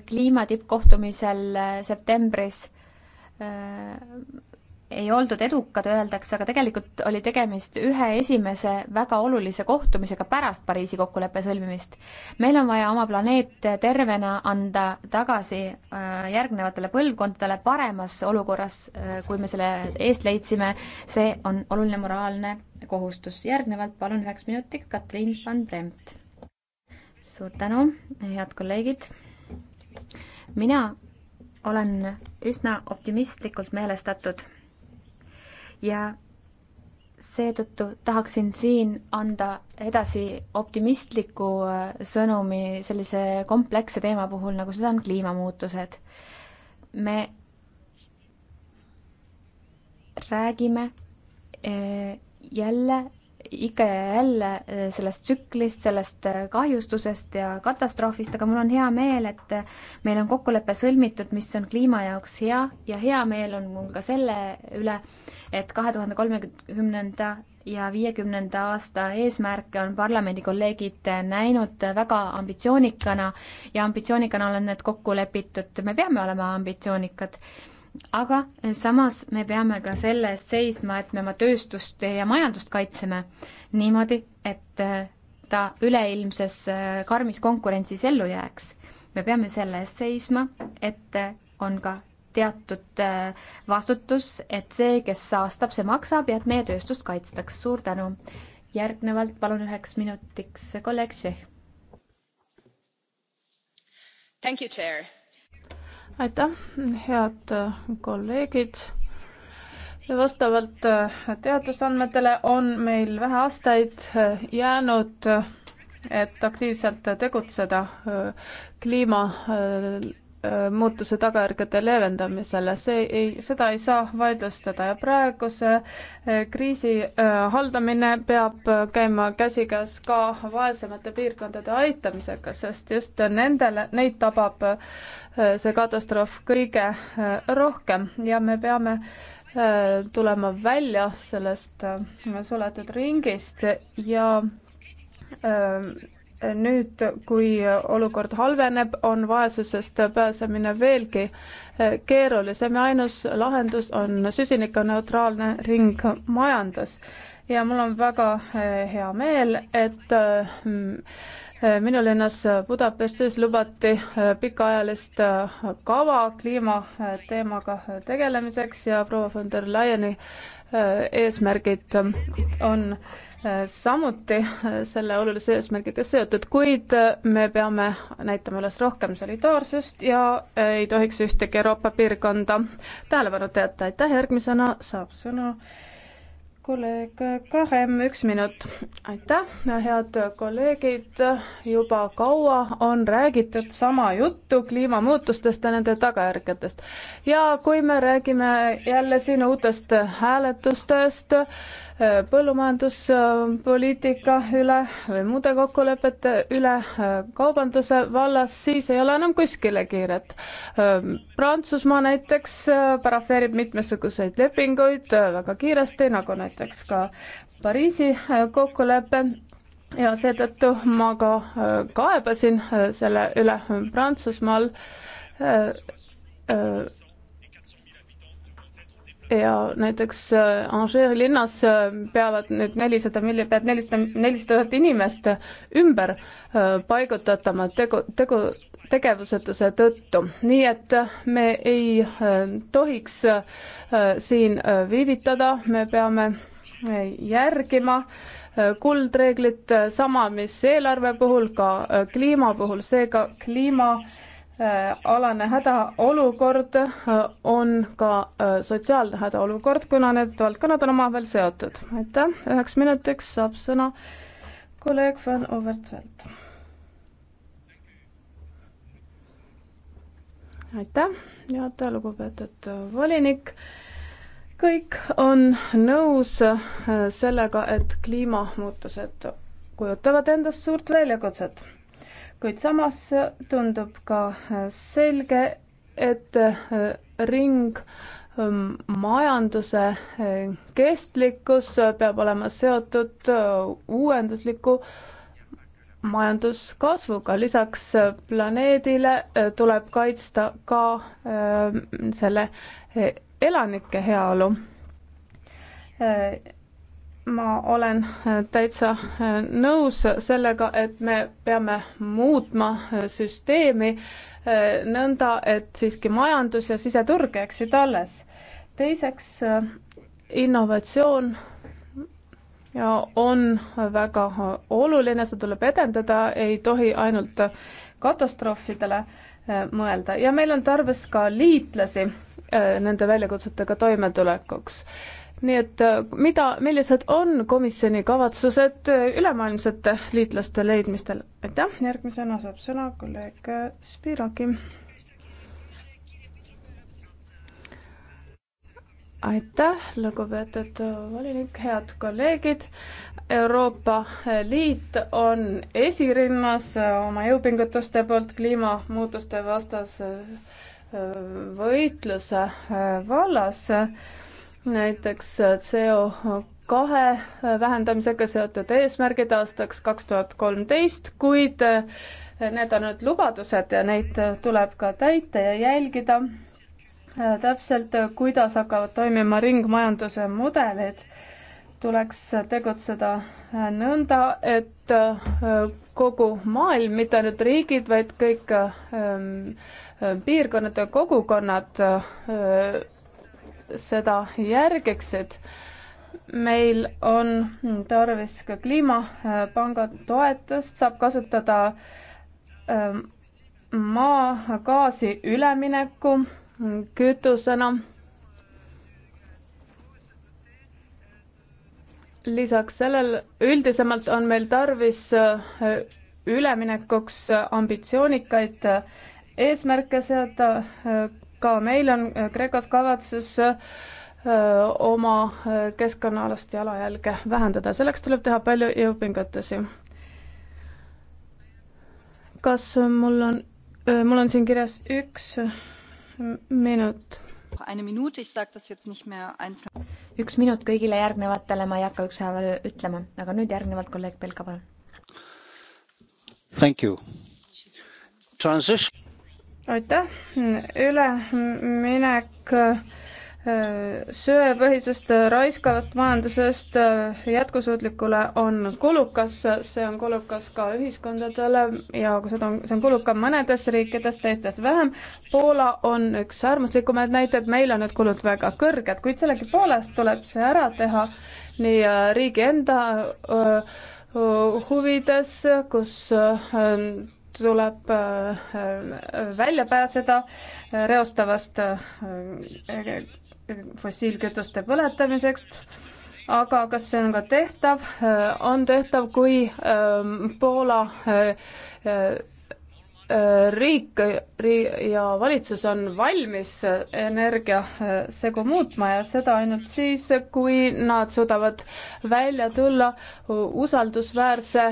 kliimatippkohtumisel septembris Äh, ei oldud edukad, öeldakse, aga tegelikult oli tegemist ühe esimese väga olulise kohtumisega pärast Pariisi kokkuleppe sõlmimist. meil on vaja oma planeet tervena anda tagasi äh, järgnevatele põlvkondadele paremas olukorras, äh, kui me selle eest leidsime. see on oluline moraalne kohustus. järgnevalt palun üheks minutiks Katrin van Bremt. suur tänu, head kolleegid. mina olen üsna optimistlikult meelestatud ja seetõttu tahaksin siin anda edasi optimistliku äh, sõnumi sellise kompleksse teema puhul, nagu seda on kliimamuutused. me räägime äh, jälle ikka ja jälle äh, sellest tsüklist, sellest äh, kahjustusest ja katastroofist, aga mul on hea meel, et äh, meil on kokkulepe sõlmitud, mis on kliima jaoks hea ja hea meel on mul ka selle üle, et kahe tuhande kolmekümnenda ja viiekümnenda aasta eesmärke on parlamendi kolleegid näinud väga ambitsioonikana ja ambitsioonikana on need kokku lepitud, me peame olema ambitsioonikad aga eh, samas me peame ka selle eest seisma, et me oma tööstust ja majandust kaitseme niimoodi, et eh, ta üleilmses eh, karmis konkurentsis ellu jääks. me peame selle eest seisma, et on ka teatud vastutus, et see, kes saastab, see maksab ja et meie tööstust kaitstaks. suur tänu. järgnevalt palun üheks minutiks kolleeg Tšehh. Thank you, Chair aitäh, head äh, kolleegid. vastavalt äh, teadusandmetele on meil vähe aastaid äh, jäänud, et aktiivselt tegutseda kliima Äh, muutuse tagajärgede leevendamisele, see ei, seda ei saa vaidlustada ja praeguse äh, kriisi äh, haldamine peab käima käsikäes ka vaesemate piirkondade aitamisega, sest just nendele, neid tabab see katastroof kõige rohkem ja me peame tulema välja sellest suletud ringist ja nüüd, kui olukord halveneb, on vaesusest pääsemine veelgi keerulisem ja ainus lahendus on süsinikuneutraalne ringmajandus. ja mul on väga eh, hea meel, et eh, minu linnas Budapestis lubati eh, pikaajalist kava kliimateemaga tegelemiseks ja proua von der Leyeni eesmärgid on samuti selle olulise eesmärgiga seotud, kuid me peame näitama üles rohkem solidaarsust ja ei tohiks ühtegi Euroopa piirkonda tähelepanu teata. aitäh, järgmisena saab sõna kolleeg Karem, üks minut. aitäh, head kolleegid, juba kaua on räägitud sama juttu kliimamuutustest ja nende tagajärgedest. ja kui me räägime jälle siin uutest hääletustest, põllumajanduspoliitika üle või muude kokkulepete üle kaubanduse vallas, siis ei ole enam kuskile kiiret. Prantsusmaa näiteks parafeerib mitmesuguseid lepinguid väga kiiresti, nagu näiteks ka Pariisi kokkulepe ja seetõttu ma ka äh, kaebasin äh, selle üle Prantsusmaal äh, ja näiteks äh, Angeri linnas äh, peavad nüüd nelisada mil-, peab nelisada, nelisada tuhat inimest ümber äh, paigutatama tegu, tegu, tegevusetuse tõttu. nii et me ei tohiks siin viivitada, me peame järgima kuldreeglit, sama mis eelarve puhul, ka kliima puhul, seega kliima äh, Äh, alane hädaolukord äh, on ka äh, sotsiaalne hädaolukord, kuna need valdkonnad on omavahel seotud. aitäh, üheks minutiks saab sõna kolleeg Van Overtveld. aitäh, juhataja, lugupeetud volinik. kõik on nõus sellega, et kliimamuutused kujutavad endast suurt väljakutset kuid samas äh, tundub ka äh, selge, et äh, ringmajanduse ähm, kestlikkus peab olema seotud uuendusliku majanduskasvuga, lisaks planeedile tuleb kaitsta ka selle elanike heaolu ma olen äh, täitsa äh, nõus sellega, et me peame muutma äh, süsteemi nõnda, et siiski majandus ja siseturg jääksid alles. teiseks, innovatsioon ja on väga oluline, seda tuleb edendada, ei tohi ainult katastroofidele mõelda ja meil on tarvis ka liitlasi nende väljakutsetega toimetulekuks nii et äh, mida, millised on komisjoni kavatsused äh, ülemaailmsete liitlaste leidmistel? aitäh, järgmisena saab sõna kolleeg äh, Spiraki. aitäh, lugupeetud volinik, head kolleegid. Euroopa Liit on esirinnas oma jõupingutuste poolt kliimamuutuste vastase võitluse vallas näiteks äh, CO kahe äh, vähendamisega seotud eesmärgid aastaks kaks tuhat kolmteist, kuid äh, need on nüüd lubadused ja neid tuleb ka täita ja jälgida täpselt, kuidas hakkavad toimima ringmajanduse mudelid, tuleks tegutseda nõnda, et kogu maailm, mitte ainult riigid, vaid kõik ähm, piirkonnad ja kogukonnad seda järgiksid. meil on tarvis ka kliimapanga toetust, saab kasutada ähm, maagaasi ülemineku kütusena lisaks sellel üldisemalt on meil tarvis äh, üleminekuks ambitsioonikaid äh, eesmärke seada, äh, ka meil on äh, Kreekas kavatsus äh, oma äh, keskkonnaalast jalajälge vähendada, selleks tuleb teha palju jõupingutusi. kas mul on, mul on siin kirjas üks minut üks minut kõigile järgnevatele, ma ei hakka ükshaaval ütlema, aga nüüd järgnevalt kolleeg Belka, palun. Transition aitäh, üleminek äh, söepõhisest raiskavast majandusest äh, jätkusuutlikule on kulukas, see on kulukas ka ühiskondadele ja seda on, see on kulukam mõnedes riikides, teistes vähem. Poola on üks äärmuslikumaid näiteid, meil on need kulud väga kõrged, kuid sellegipoolest tuleb see ära teha nii äh, riigi enda öö, huvides, kus tuleb äh, välja pääseda äh, reostavast äh, fossiilkütuste põletamisest, aga kas see on ka tehtav, on tehtav, kui ähm, Poola riik ja valitsus on valmis energiasegu muutma ja seda ainult siis, kui nad suudavad välja tulla usaldusväärse,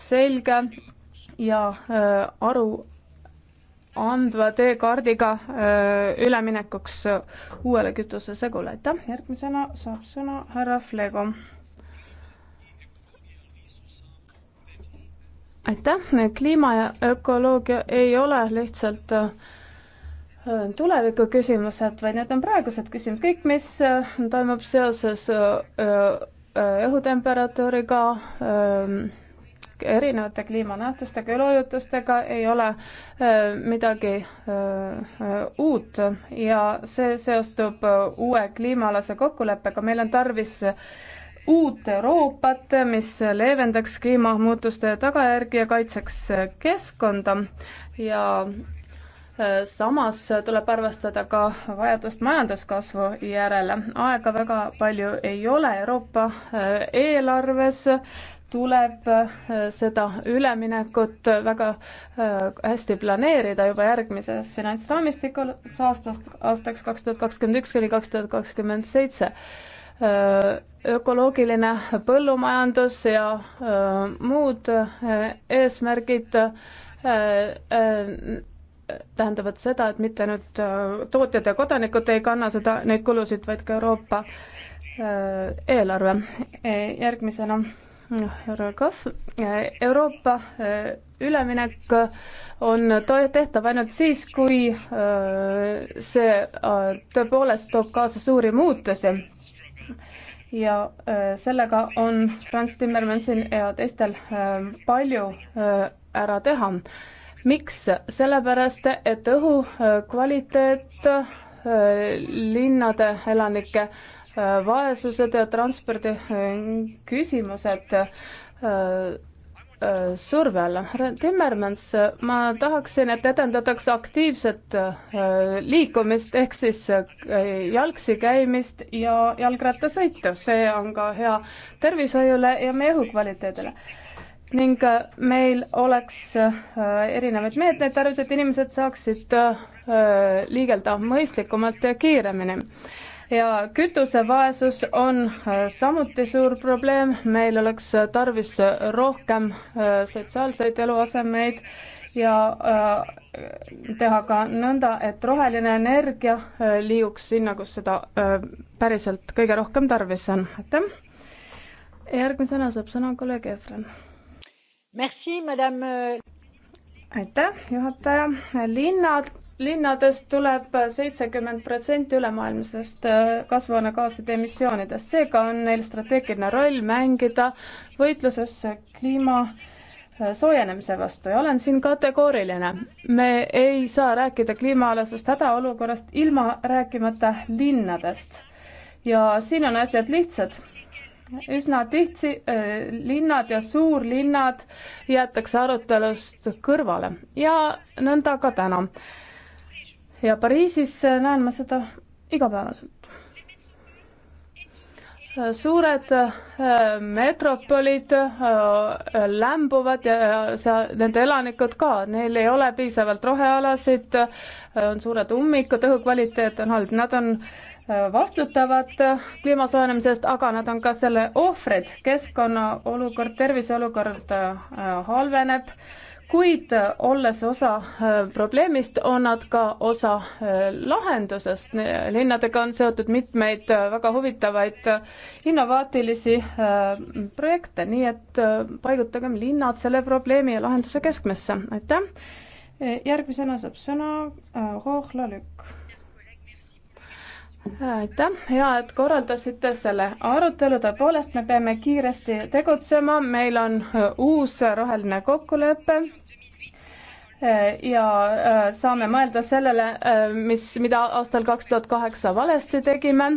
selge ja äh, aru andva teekaardiga äh, üleminekuks äh, uuele kütusesegule. aitäh, järgmisena saab sõna härra Flego. aitäh, kliima ja ökoloogia ei ole lihtsalt tuleviku küsimused, vaid need on praegused küsimused, kõik, mis toimub seoses õhutemperatuuriga öö, ähm, erinevate kliimanähtustega, üleujutustega ei ole äh, midagi äh, äh, uut ja see seostub uue kliimaalase kokkuleppega, meil on tarvis uut Euroopat, mis leevendaks kliimamuutuste tagajärgi ja kaitseks keskkonda ja samas tuleb arvestada ka vajadust majanduskasvu järele. aega väga palju ei ole, Euroopa eelarves tuleb äh, seda üleminekut väga äh, hästi planeerida juba järgmises finantsraamistikus aastast, aastaks kaks tuhat kakskümmend üks kuni kaks tuhat kakskümmend seitse. Äh, ökoloogiline põllumajandus ja muud eesmärgid tähendavad seda, et mitte nüüd tootjad ja kodanikud ei kanna seda, neid kulusid, vaid ka Euroopa eelarve. järgmisena härra Kahv, Euroopa äh, üleminek äh, on tehtav ainult siis, kui äh, see tõepoolest toob kaasa suuri muutusi. ja sellega on Franz Timmermansil ja teistel palju ära teha. miks? sellepärast, et õhu kvaliteet linnade elanike vaesused ja transpordi küsimused äh, äh, surve alla. Timmermans, ma tahaksin, et edendataks aktiivset äh, liikumist ehk siis jalgsi käimist ja jalgrattasõitu, see on ka hea tervishoiule ja meie õhukvaliteedile ning meil oleks erinevaid meetmeid tarvis, et inimesed saaksid liigelda mõistlikumalt ja kiiremini ja kütusevaesus on äh, samuti suur probleem, meil oleks äh, tarvis äh, rohkem sotsiaalseid eluasemeid ja teha ka nõnda, et roheline energia liiguks sinna, kus seda päriselt kõige rohkem tarvis on, aitäh. järgmisena saab sõna kolleeg Efren. Merci, madame. aitäh, juhataja. linnad linnadest tuleb seitsekümmend protsenti ülemaailmsest äh, kasvuhoonegaaside emissioonidest, seega on neil strateegiline roll mängida võitluses kliima äh, soojenemise vastu ja olen siin kategooriline. me ei saa rääkida kliimaalasest hädaolukorrast ilma rääkimata linnadest. ja siin on asjad lihtsad. üsna tihti äh, linnad ja suurlinnad jäetakse arutelust kõrvale ja nõnda ka täna ja Pariisis äh, näen ma seda igapäevaselt. Äh, suured äh, metropolid lämbuvad ja seal nende elanikud ka, neil ei ole piisavalt rohealasid, on suured ummikud, õhukvaliteet on halb, nad on vastutavad kliima soojenemise eest, aga nad on ka selle ohvrid, keskkonna olukord, tervise olukord halveneb kuid äh, olles osa äh, probleemist, on nad ka osa äh, lahendusest. linnadega on seotud mitmeid väga huvitavaid innovaatilisi projekte, nii et paigutagem linnad selle probleemi ja lahenduse keskmesse. aitäh! järgmisena saab sõna Hohla Lükk aitäh, hea, et korraldasite selle arutelu, tõepoolest me peame kiiresti tegutsema, meil on äh, uus roheline kokkulepe äh, ja äh, saame mõelda sellele, mis, mida aastal kaks tuhat kaheksa valesti tegime.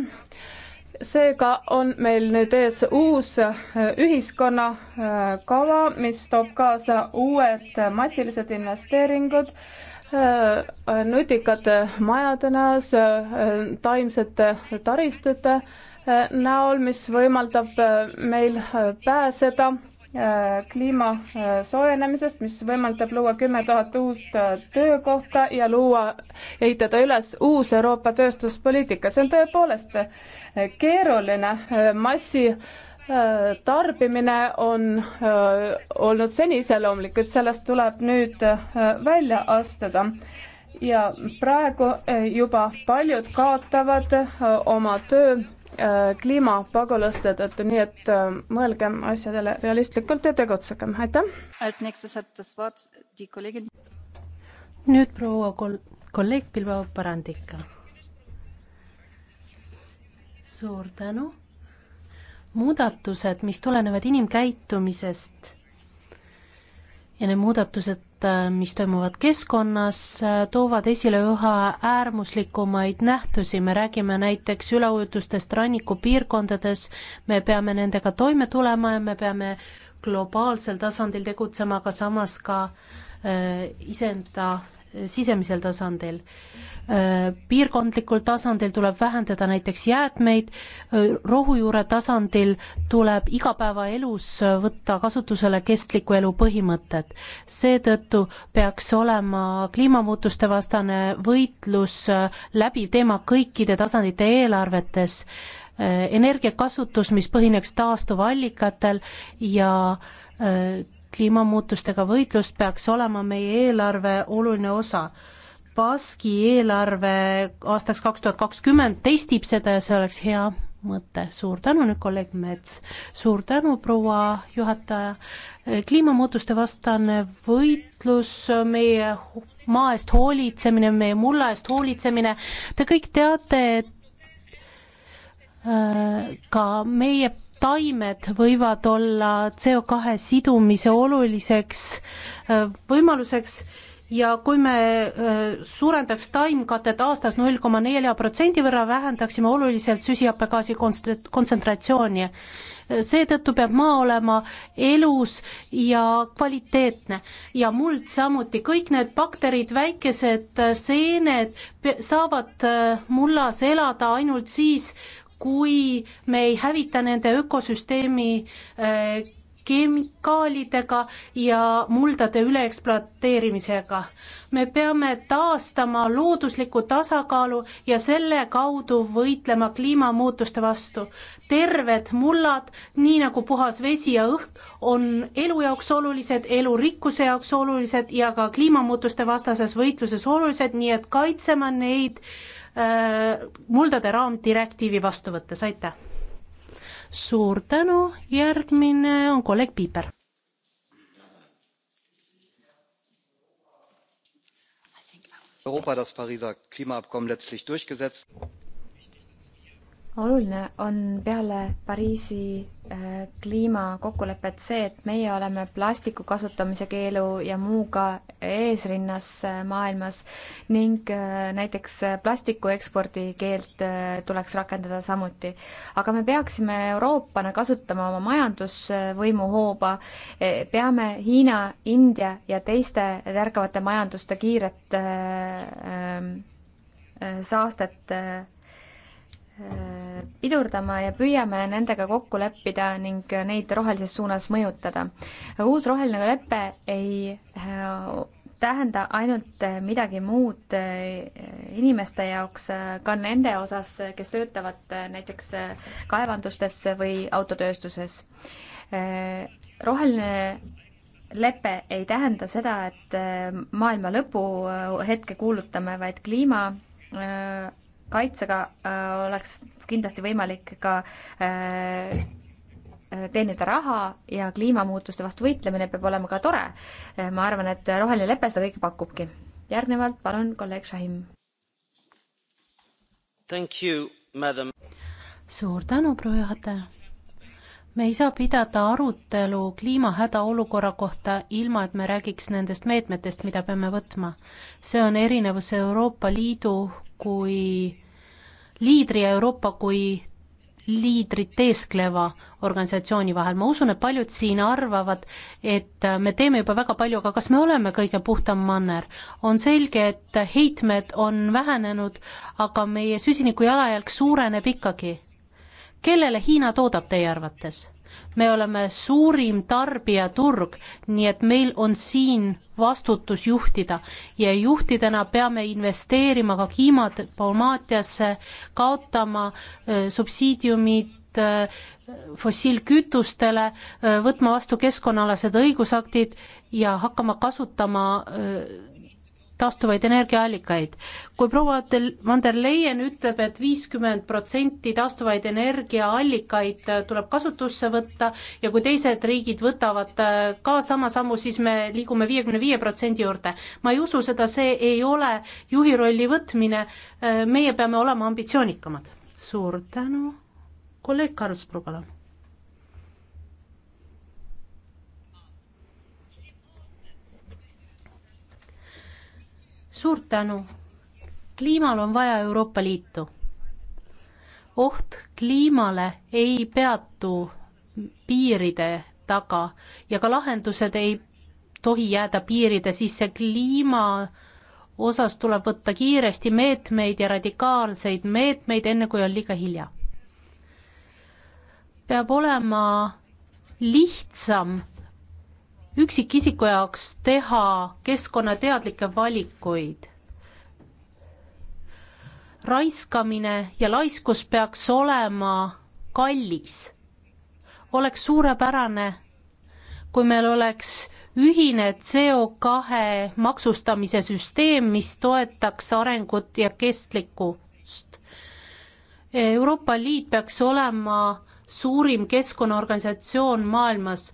seega on meil nüüd ees uus ühiskonnakava, mis toob kaasa uued massilised investeeringud Äh, nutikate majade näos, äh, taimsete taristute äh, näol, mis võimaldab meil pääseda kliima soojenemisest, mis võimaldab luua kümme tuhat uut töökohta ja luua, ehitada üles uus Euroopa tööstuspoliitika. see on tõepoolest keeruline massi Äh, tarbimine on äh, olnud seni iseloomulik, et sellest tuleb nüüd äh, välja astuda. ja praegu juba paljud kaotavad oma töö kliimapagulaste tõttu, nii et mõelgem asjadele realistlikult ja tegutsegem, aitäh. nüüd proua kol-, kolleeg Pilva Parandika. suur tänu muudatused, mis tulenevad inimkäitumisest ja need muudatused, äh, mis toimuvad keskkonnas, äh, toovad esile üha äärmuslikumaid nähtusi, me räägime näiteks üleujutustest rannikupiirkondades, me peame nendega toime tulema ja me peame globaalsel tasandil tegutsema, aga samas ka äh, iseenda sisemisel tasandil. Äh, piirkondlikul tasandil tuleb vähendada näiteks jäätmeid, äh, rohujuure tasandil tuleb igapäevaelus äh, võtta kasutusele kestliku elu põhimõtted. seetõttu peaks olema kliimamuutuste vastane võitlus läbiv teema kõikide tasandite eelarvetes, energiakasutus, mis põhineks taastuvallikatel ja kliimamuutustega võitlust peaks olema meie eelarve oluline osa. Baski eelarve aastaks kaks tuhat kakskümmend testib seda ja see oleks hea mõte. suur tänu nüüd, kolleeg Mets. suur tänu, proua juhataja. kliimamuutuste vastane võitlus, meie maa eest hoolitsemine, meie mulla eest hoolitsemine, te kõik teate, et Äh, ka meie taimed võivad olla CO2 sidumise oluliseks äh, võimaluseks ja kui me äh, suurendaks taimkatet aastas null koma nelja protsendi võrra, vähendaksime oluliselt süsihappegaasi kontsentratsiooni. seetõttu peab maa olema elus ja kvaliteetne ja muld samuti, kõik need bakterid, väikesed seened saavad mullas elada ainult siis, kui me ei hävita nende ökosüsteemi äh, kemikaalidega ja muldade üleekspluateerimisega. me peame taastama loodusliku tasakaalu ja selle kaudu võitlema kliimamuutuste vastu. terved mullad, nii nagu puhas vesi ja õhk, on elu jaoks olulised, elurikkuse jaoks olulised ja ka kliimamuutuste vastases võitluses olulised, nii et kaitsema neid äh, Äh, muldade raamdirektiivi vastu võttes, aitäh! suur tänu, järgmine on kolleeg Piiper. Europa das Pariser Klimaabkommen letztlich durchgesetzt oluline on peale Pariisi äh, kliimakokkulepet see, et meie oleme plastiku kasutamise keelu ja muuga eesrinnas äh, maailmas ning äh, näiteks plastiku ekspordi keelt tuleks rakendada samuti. aga me peaksime Euroopana kasutama oma majandusvõimu hooba, e, peame Hiina, India ja teiste tärkavate majanduste kiiret äh, äh, saastet äh, pidurdama ja püüame nendega kokku leppida ning neid rohelises suunas mõjutada. uus roheline lepe ei äh, tähenda ainult midagi muud äh, inimeste jaoks, äh, ka nende osas, kes töötavad näiteks kaevandustes või autotööstuses. roheline lepe ei tähenda seda, et maailma lõpu hetke kuulutame, vaid kliima kaitsega äh, oleks kindlasti võimalik ka äh, äh, teenida raha ja kliimamuutuste vastu võitlemine peab olema ka tore. ma arvan, et roheline lepe seda kõike pakubki. järgnevalt palun kolleeg Šahim. suur tänu, proua juhataja. me ei saa pidada arutelu kliimahädaolukorra kohta, ilma et me räägiks nendest meetmetest, mida peame võtma. see on erinevus Euroopa Liidu kui liidri ja Euroopa kui liidrit teeskleva organisatsiooni vahel, ma usun, et paljud siin arvavad, et me teeme juba väga palju, aga kas me oleme kõige puhtam manner? on selge, et heitmed on vähenenud, aga meie süsiniku jalajälg suureneb ikkagi. kellele Hiina toodab teie arvates? me oleme suurim tarbijaturg, nii et meil on siin vastutus juhtida ja juhtidena peame investeerima ka kliimadiplomaatiasse, kaotama äh, subsiidiumid äh, fossiilkütustele äh,, võtma vastu keskkonnaalased õigusaktid ja hakkama kasutama äh, taastuvaid energiaallikaid. kui proua von der Leyen ütleb et, et viiskümmend protsenti taastuvaid energiaallikaid tuleb kasutusse võtta ja kui teised riigid võtavad äh, ka sama sammu, siis me liigume viiekümne viie protsendi juurde. ma ei usu seda, see ei ole juhi rolli võtmine, äh, meie peame olema ambitsioonikamad. suur tänu, kolleeg Karls Prugala suur tänu. kliimal on vaja Euroopa Liitu. oht kliimale ei peatu piiride taga ja ka lahendused ei tohi jääda piiride sisse. kliima osas tuleb võtta kiiresti meetmeid ja radikaalseid meetmeid, enne kui on liiga hilja. peab olema lihtsam üksikisiku jaoks teha keskkonnateadlikke valikuid. raiskamine ja laiskus peaks olema kallis. oleks suurepärane, kui meil oleks ühine CO kahe maksustamise süsteem, mis toetaks arengut ja kestlikkust. Euroopa Liit peaks olema suurim keskkonnaorganisatsioon maailmas.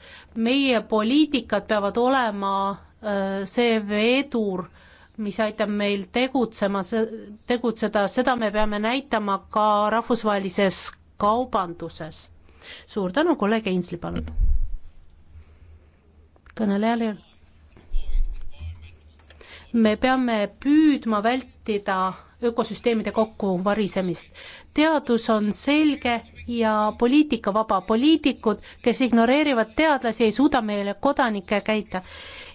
meie poliitikad peavad olema äh, see vedur, mis aitab meil tegutsema, tegutseda, seda me peame näitama ka rahvusvahelises kaubanduses. suur tänu, kolleeg Einsli, palun. kõnelejal ei ole. me peame püüdma vältida ökosüsteemide kokkuvarisemist. teadus on selge ja poliitikavaba. poliitikud, kes ignoreerivad teadlasi, ei suuda meile kodanikke käita.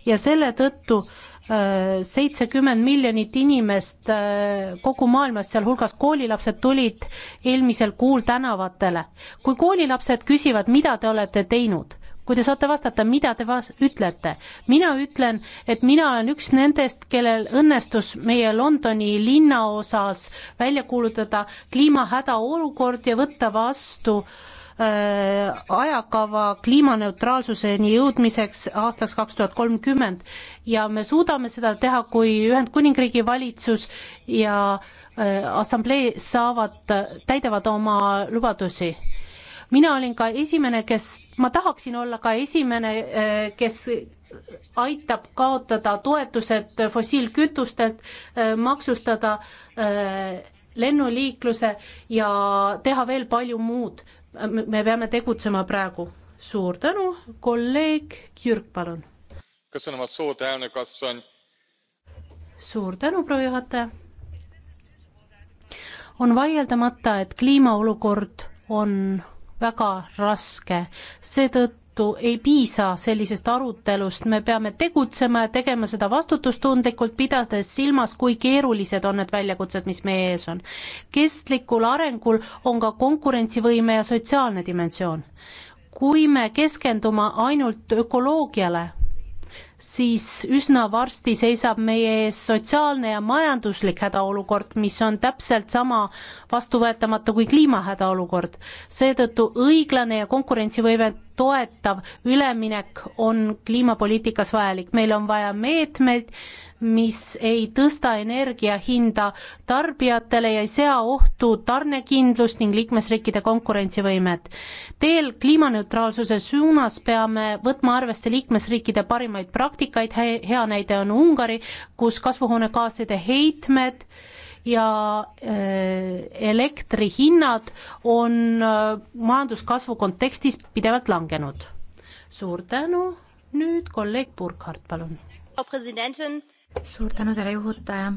ja selle tõttu äh, seitsekümmend miljonit inimest äh, kogu maailmas, sealhulgas koolilapsed, tulid eelmisel kuul tänavatele. kui koolilapsed küsivad, mida te olete teinud kui te saate vastata, mida te vas-, ütlete. mina ütlen, et mina olen üks nendest, kellel õnnestus meie Londoni linnaosas välja kuulutada kliimahädaolukord ja võtta vastu äh, ajakava kliimaneutraalsuseni jõudmiseks aastaks kaks tuhat kolmkümmend ja me suudame seda teha, kui Ühendkuningriigi valitsus ja äh, assamblee saavad äh,, täidavad oma lubadusi mina olin ka esimene, kes, ma tahaksin olla ka esimene, eh, kes aitab kaotada toetused fossiilkütustelt, eh, maksustada eh, lennuliikluse ja teha veel palju muud. me peame tegutsema praegu. suur tänu, kolleeg Jürk, palun. suur tänu, proua juhataja. on vaieldamata, et kliimaolukord on väga raske, seetõttu tõttu ei piisa sellisest arutelust, me peame tegutsema ja tegema seda vastutustundlikult, pidades silmas, kui keerulised on need väljakutsed, mis meie ees on. kestlikul arengul on ka konkurentsivõime ja sotsiaalne dimensioon. kui me keskendume ainult ökoloogiale, siis üsna varsti seisab meie ees sotsiaalne ja majanduslik hädaolukord, mis on täpselt sama vastuvõetamatu kui kliima hädaolukord. seetõttu õiglane ja konkurentsivõime toetav üleminek on kliimapoliitikas vajalik, meil on vaja meetmeid, mis ei tõsta energia hinda tarbijatele ja ei sea ohtu tarnekindlust ning liikmesriikide konkurentsivõimet. teel kliimaneutraalsuse suunas peame võtma arvesse liikmesriikide parimaid praktikaid, hea näide on Ungari, kus kasvuhoonegaaside heitmed äh, ja äh, elektrihinnad on äh, majanduskasvu kontekstis pidevalt langenud. suur tänu, nüüd kolleeg Burkhardt, palun. suur tänu teile, juhataja.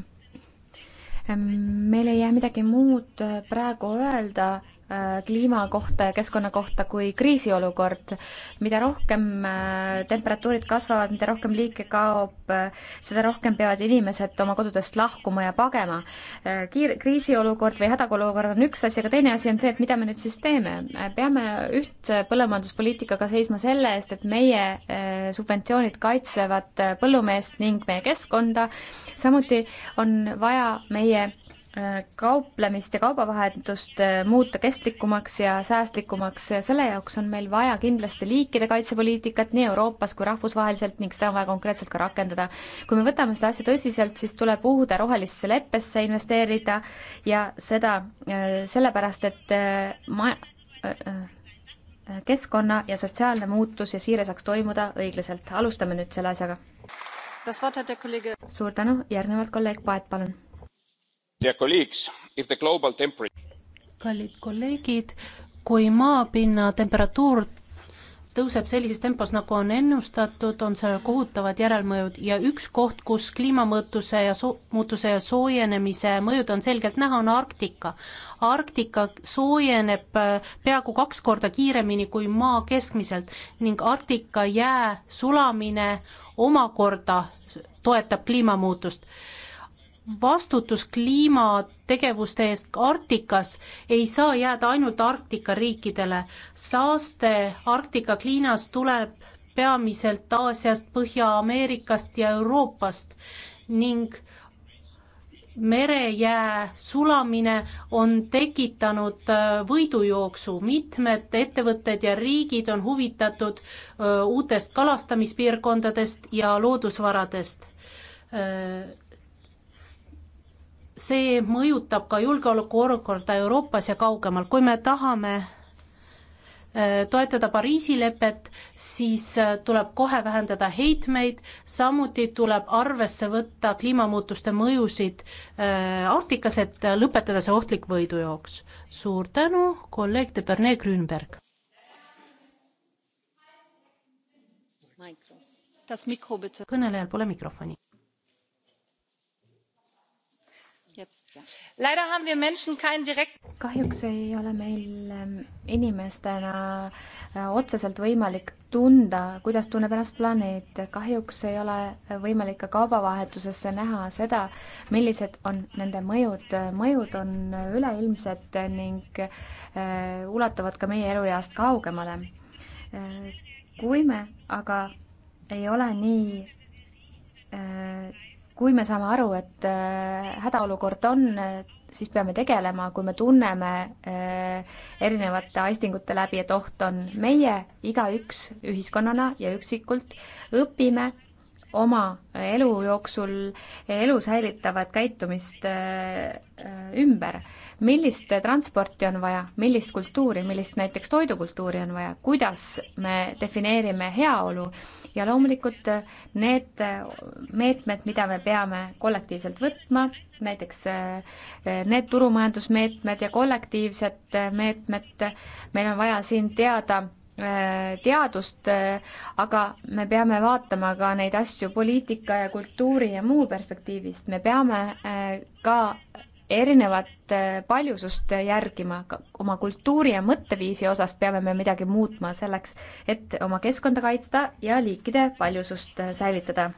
meil ei jää midagi muud äh, praegu öelda Äh, kliima kohta ja keskkonna kohta kui kriisiolukord. mida rohkem äh, temperatuurid kasvavad, mida rohkem liike kaob, äh, seda rohkem peavad inimesed oma kodudest lahkuma ja pagema. Kiir-, kriisiolukord või hädaolukord on üks asi, aga teine asi on see, et mida me nüüd siis teeme. peame ühtse põllumajanduspoliitikaga seisma selle eest, et meie subventsioonid kaitsevad põllumeest ning meie keskkonda, samuti on vaja meie kauplemist ja kaubavahetust äh, muuta kestlikumaks ja säästlikumaks, selle jaoks on meil vaja kindlasti liikide kaitsepoliitikat nii Euroopas kui rahvusvaheliselt ning seda on vaja konkreetselt ka rakendada. kui me võtame seda asja tõsiselt, siis tuleb uude rohelisse leppesse investeerida ja seda äh, sellepärast, et äh, ma-, keskkonna ja sotsiaalne muutus ja siire saaks toimuda õiglaselt. alustame nüüd selle asjaga. suur tänu, järgnevalt kolleeg Paet, palun kallid kolleegid, kui maapinna temperatuur tõuseb sellises tempos, nagu on ennustatud, on sellel kohutavad järelmõjud ja üks koht, kus kliimamuutuse ja so-, muutuse ja soojenemise mõjud on selgelt näha, on Arktika. Arktika soojeneb äh, peaaegu kaks korda kiiremini kui Maa keskmiselt ning Arktika jää sulamine omakorda toetab kliimamuutust vastutus kliimategevuste eest Arktikas ei saa jääda ainult Arktika riikidele. saaste Arktika kliinas tuleb peamiselt Aasiast, Põhja-Ameerikast ja Euroopast ning merejää sulamine on tekitanud äh, võidujooksu, mitmed ettevõtted ja riigid on huvitatud äh, uutest kalastamispiirkondadest ja loodusvaradest äh, see mõjutab ka julgeolekuolukorda Euroopas ja kaugemal, kui me tahame äh, toetada Pariisi lepet, siis äh, tuleb kohe vähendada heitmeid, samuti tuleb arvesse võtta kliimamuutuste mõjusid äh, Arktikas, et lõpetada see ohtlik võidujooks. suur tänu, kolleeg de Bernet Grünberg. kõnelejal pole mikrofoni kahjuks ei ole meil ähm, inimestena äh, otseselt võimalik tunda, kuidas tunneb ennast planeet. kahjuks ei ole äh, võimalik ka kaubavahetusesse näha seda, millised on nende mõjud. mõjud on äh, üleilmsed ning ulatuvad ka meie elueast kaugemale. kui me aga ei ole nii kui me saame aru, et äh, hädaolukord on, äh, siis peame tegelema, kui me tunneme äh, erinevate aistingute läbi, et oht on meie, igaüks ühiskonnana ja üksikult õpime oma elu jooksul elu säilitavat käitumist äh, ümber. millist transporti on vaja, millist kultuuri, millist näiteks toidukultuuri on vaja, kuidas me defineerime heaolu ja loomulikult äh, need äh, meetmed, mida me peame kollektiivselt võtma, näiteks need turumajandusmeetmed ja kollektiivsed meetmed, meil on vaja siin teada Äh, teadust, äh, aga me peame vaatama ka neid asju poliitika ja kultuuri ja muu perspektiivist, me peame äh, ka erinevat paljusust järgima, oma kultuuri ja mõtteviisi osas peame me midagi muutma selleks, et oma keskkonda kaitsta ja liikide paljusust säilitada.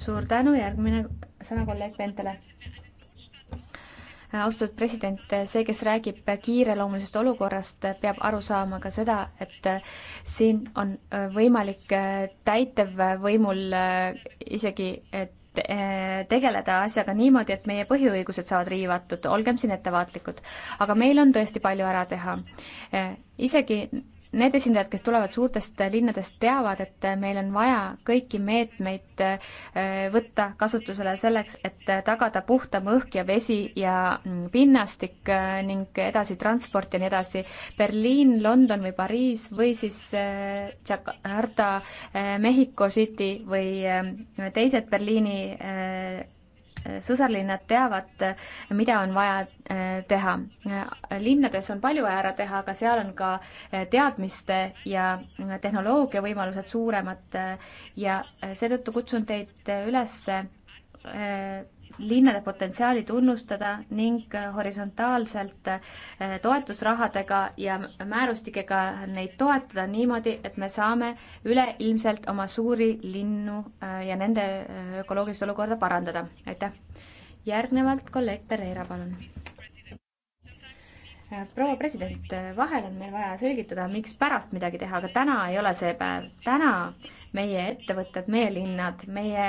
suur tänu, järgmine sõna kolleeg Pentele austatud president, see, kes räägib kiireloomulisest olukorrast, peab aru saama ka seda, et siin on äh, võimalik äh, täitevvõimul äh, isegi tegeleda asjaga niimoodi, et meie põhiõigused saavad riivatud, olgem siin ettevaatlikud. aga meil on tõesti palju ära teha. isegi need esindajad, kes tulevad suurtest linnadest, teavad, et meil on vaja kõiki meetmeid äh, võtta kasutusele selleks, et tagada puhtam õhk ja vesi ja mm, pinnastik äh, ning edasi transport ja nii edasi. Berliin, London või Pariis või siis äh, Jakarta, Mexico City või teised Berliini sõsarlinnad teavad, mida on vaja eh, teha. linnades on palju ära teha, aga seal on ka eh, teadmiste ja eh, tehnoloogia võimalused suuremad ja seetõttu kutsun teid üles linnade potentsiaali tunnustada ning äh, horisontaalselt äh, toetusrahadega ja määrustikega neid toetada niimoodi, et me saame üleilmselt oma suuri linnu äh, ja nende ökoloogilist olukorda parandada. aitäh! järgnevalt kolleeg Pereira, palun. proua president, vahel on meil vaja selgitada, miks pärast midagi teha, aga täna ei ole see päev. täna meie ettevõtted, meie linnad, meie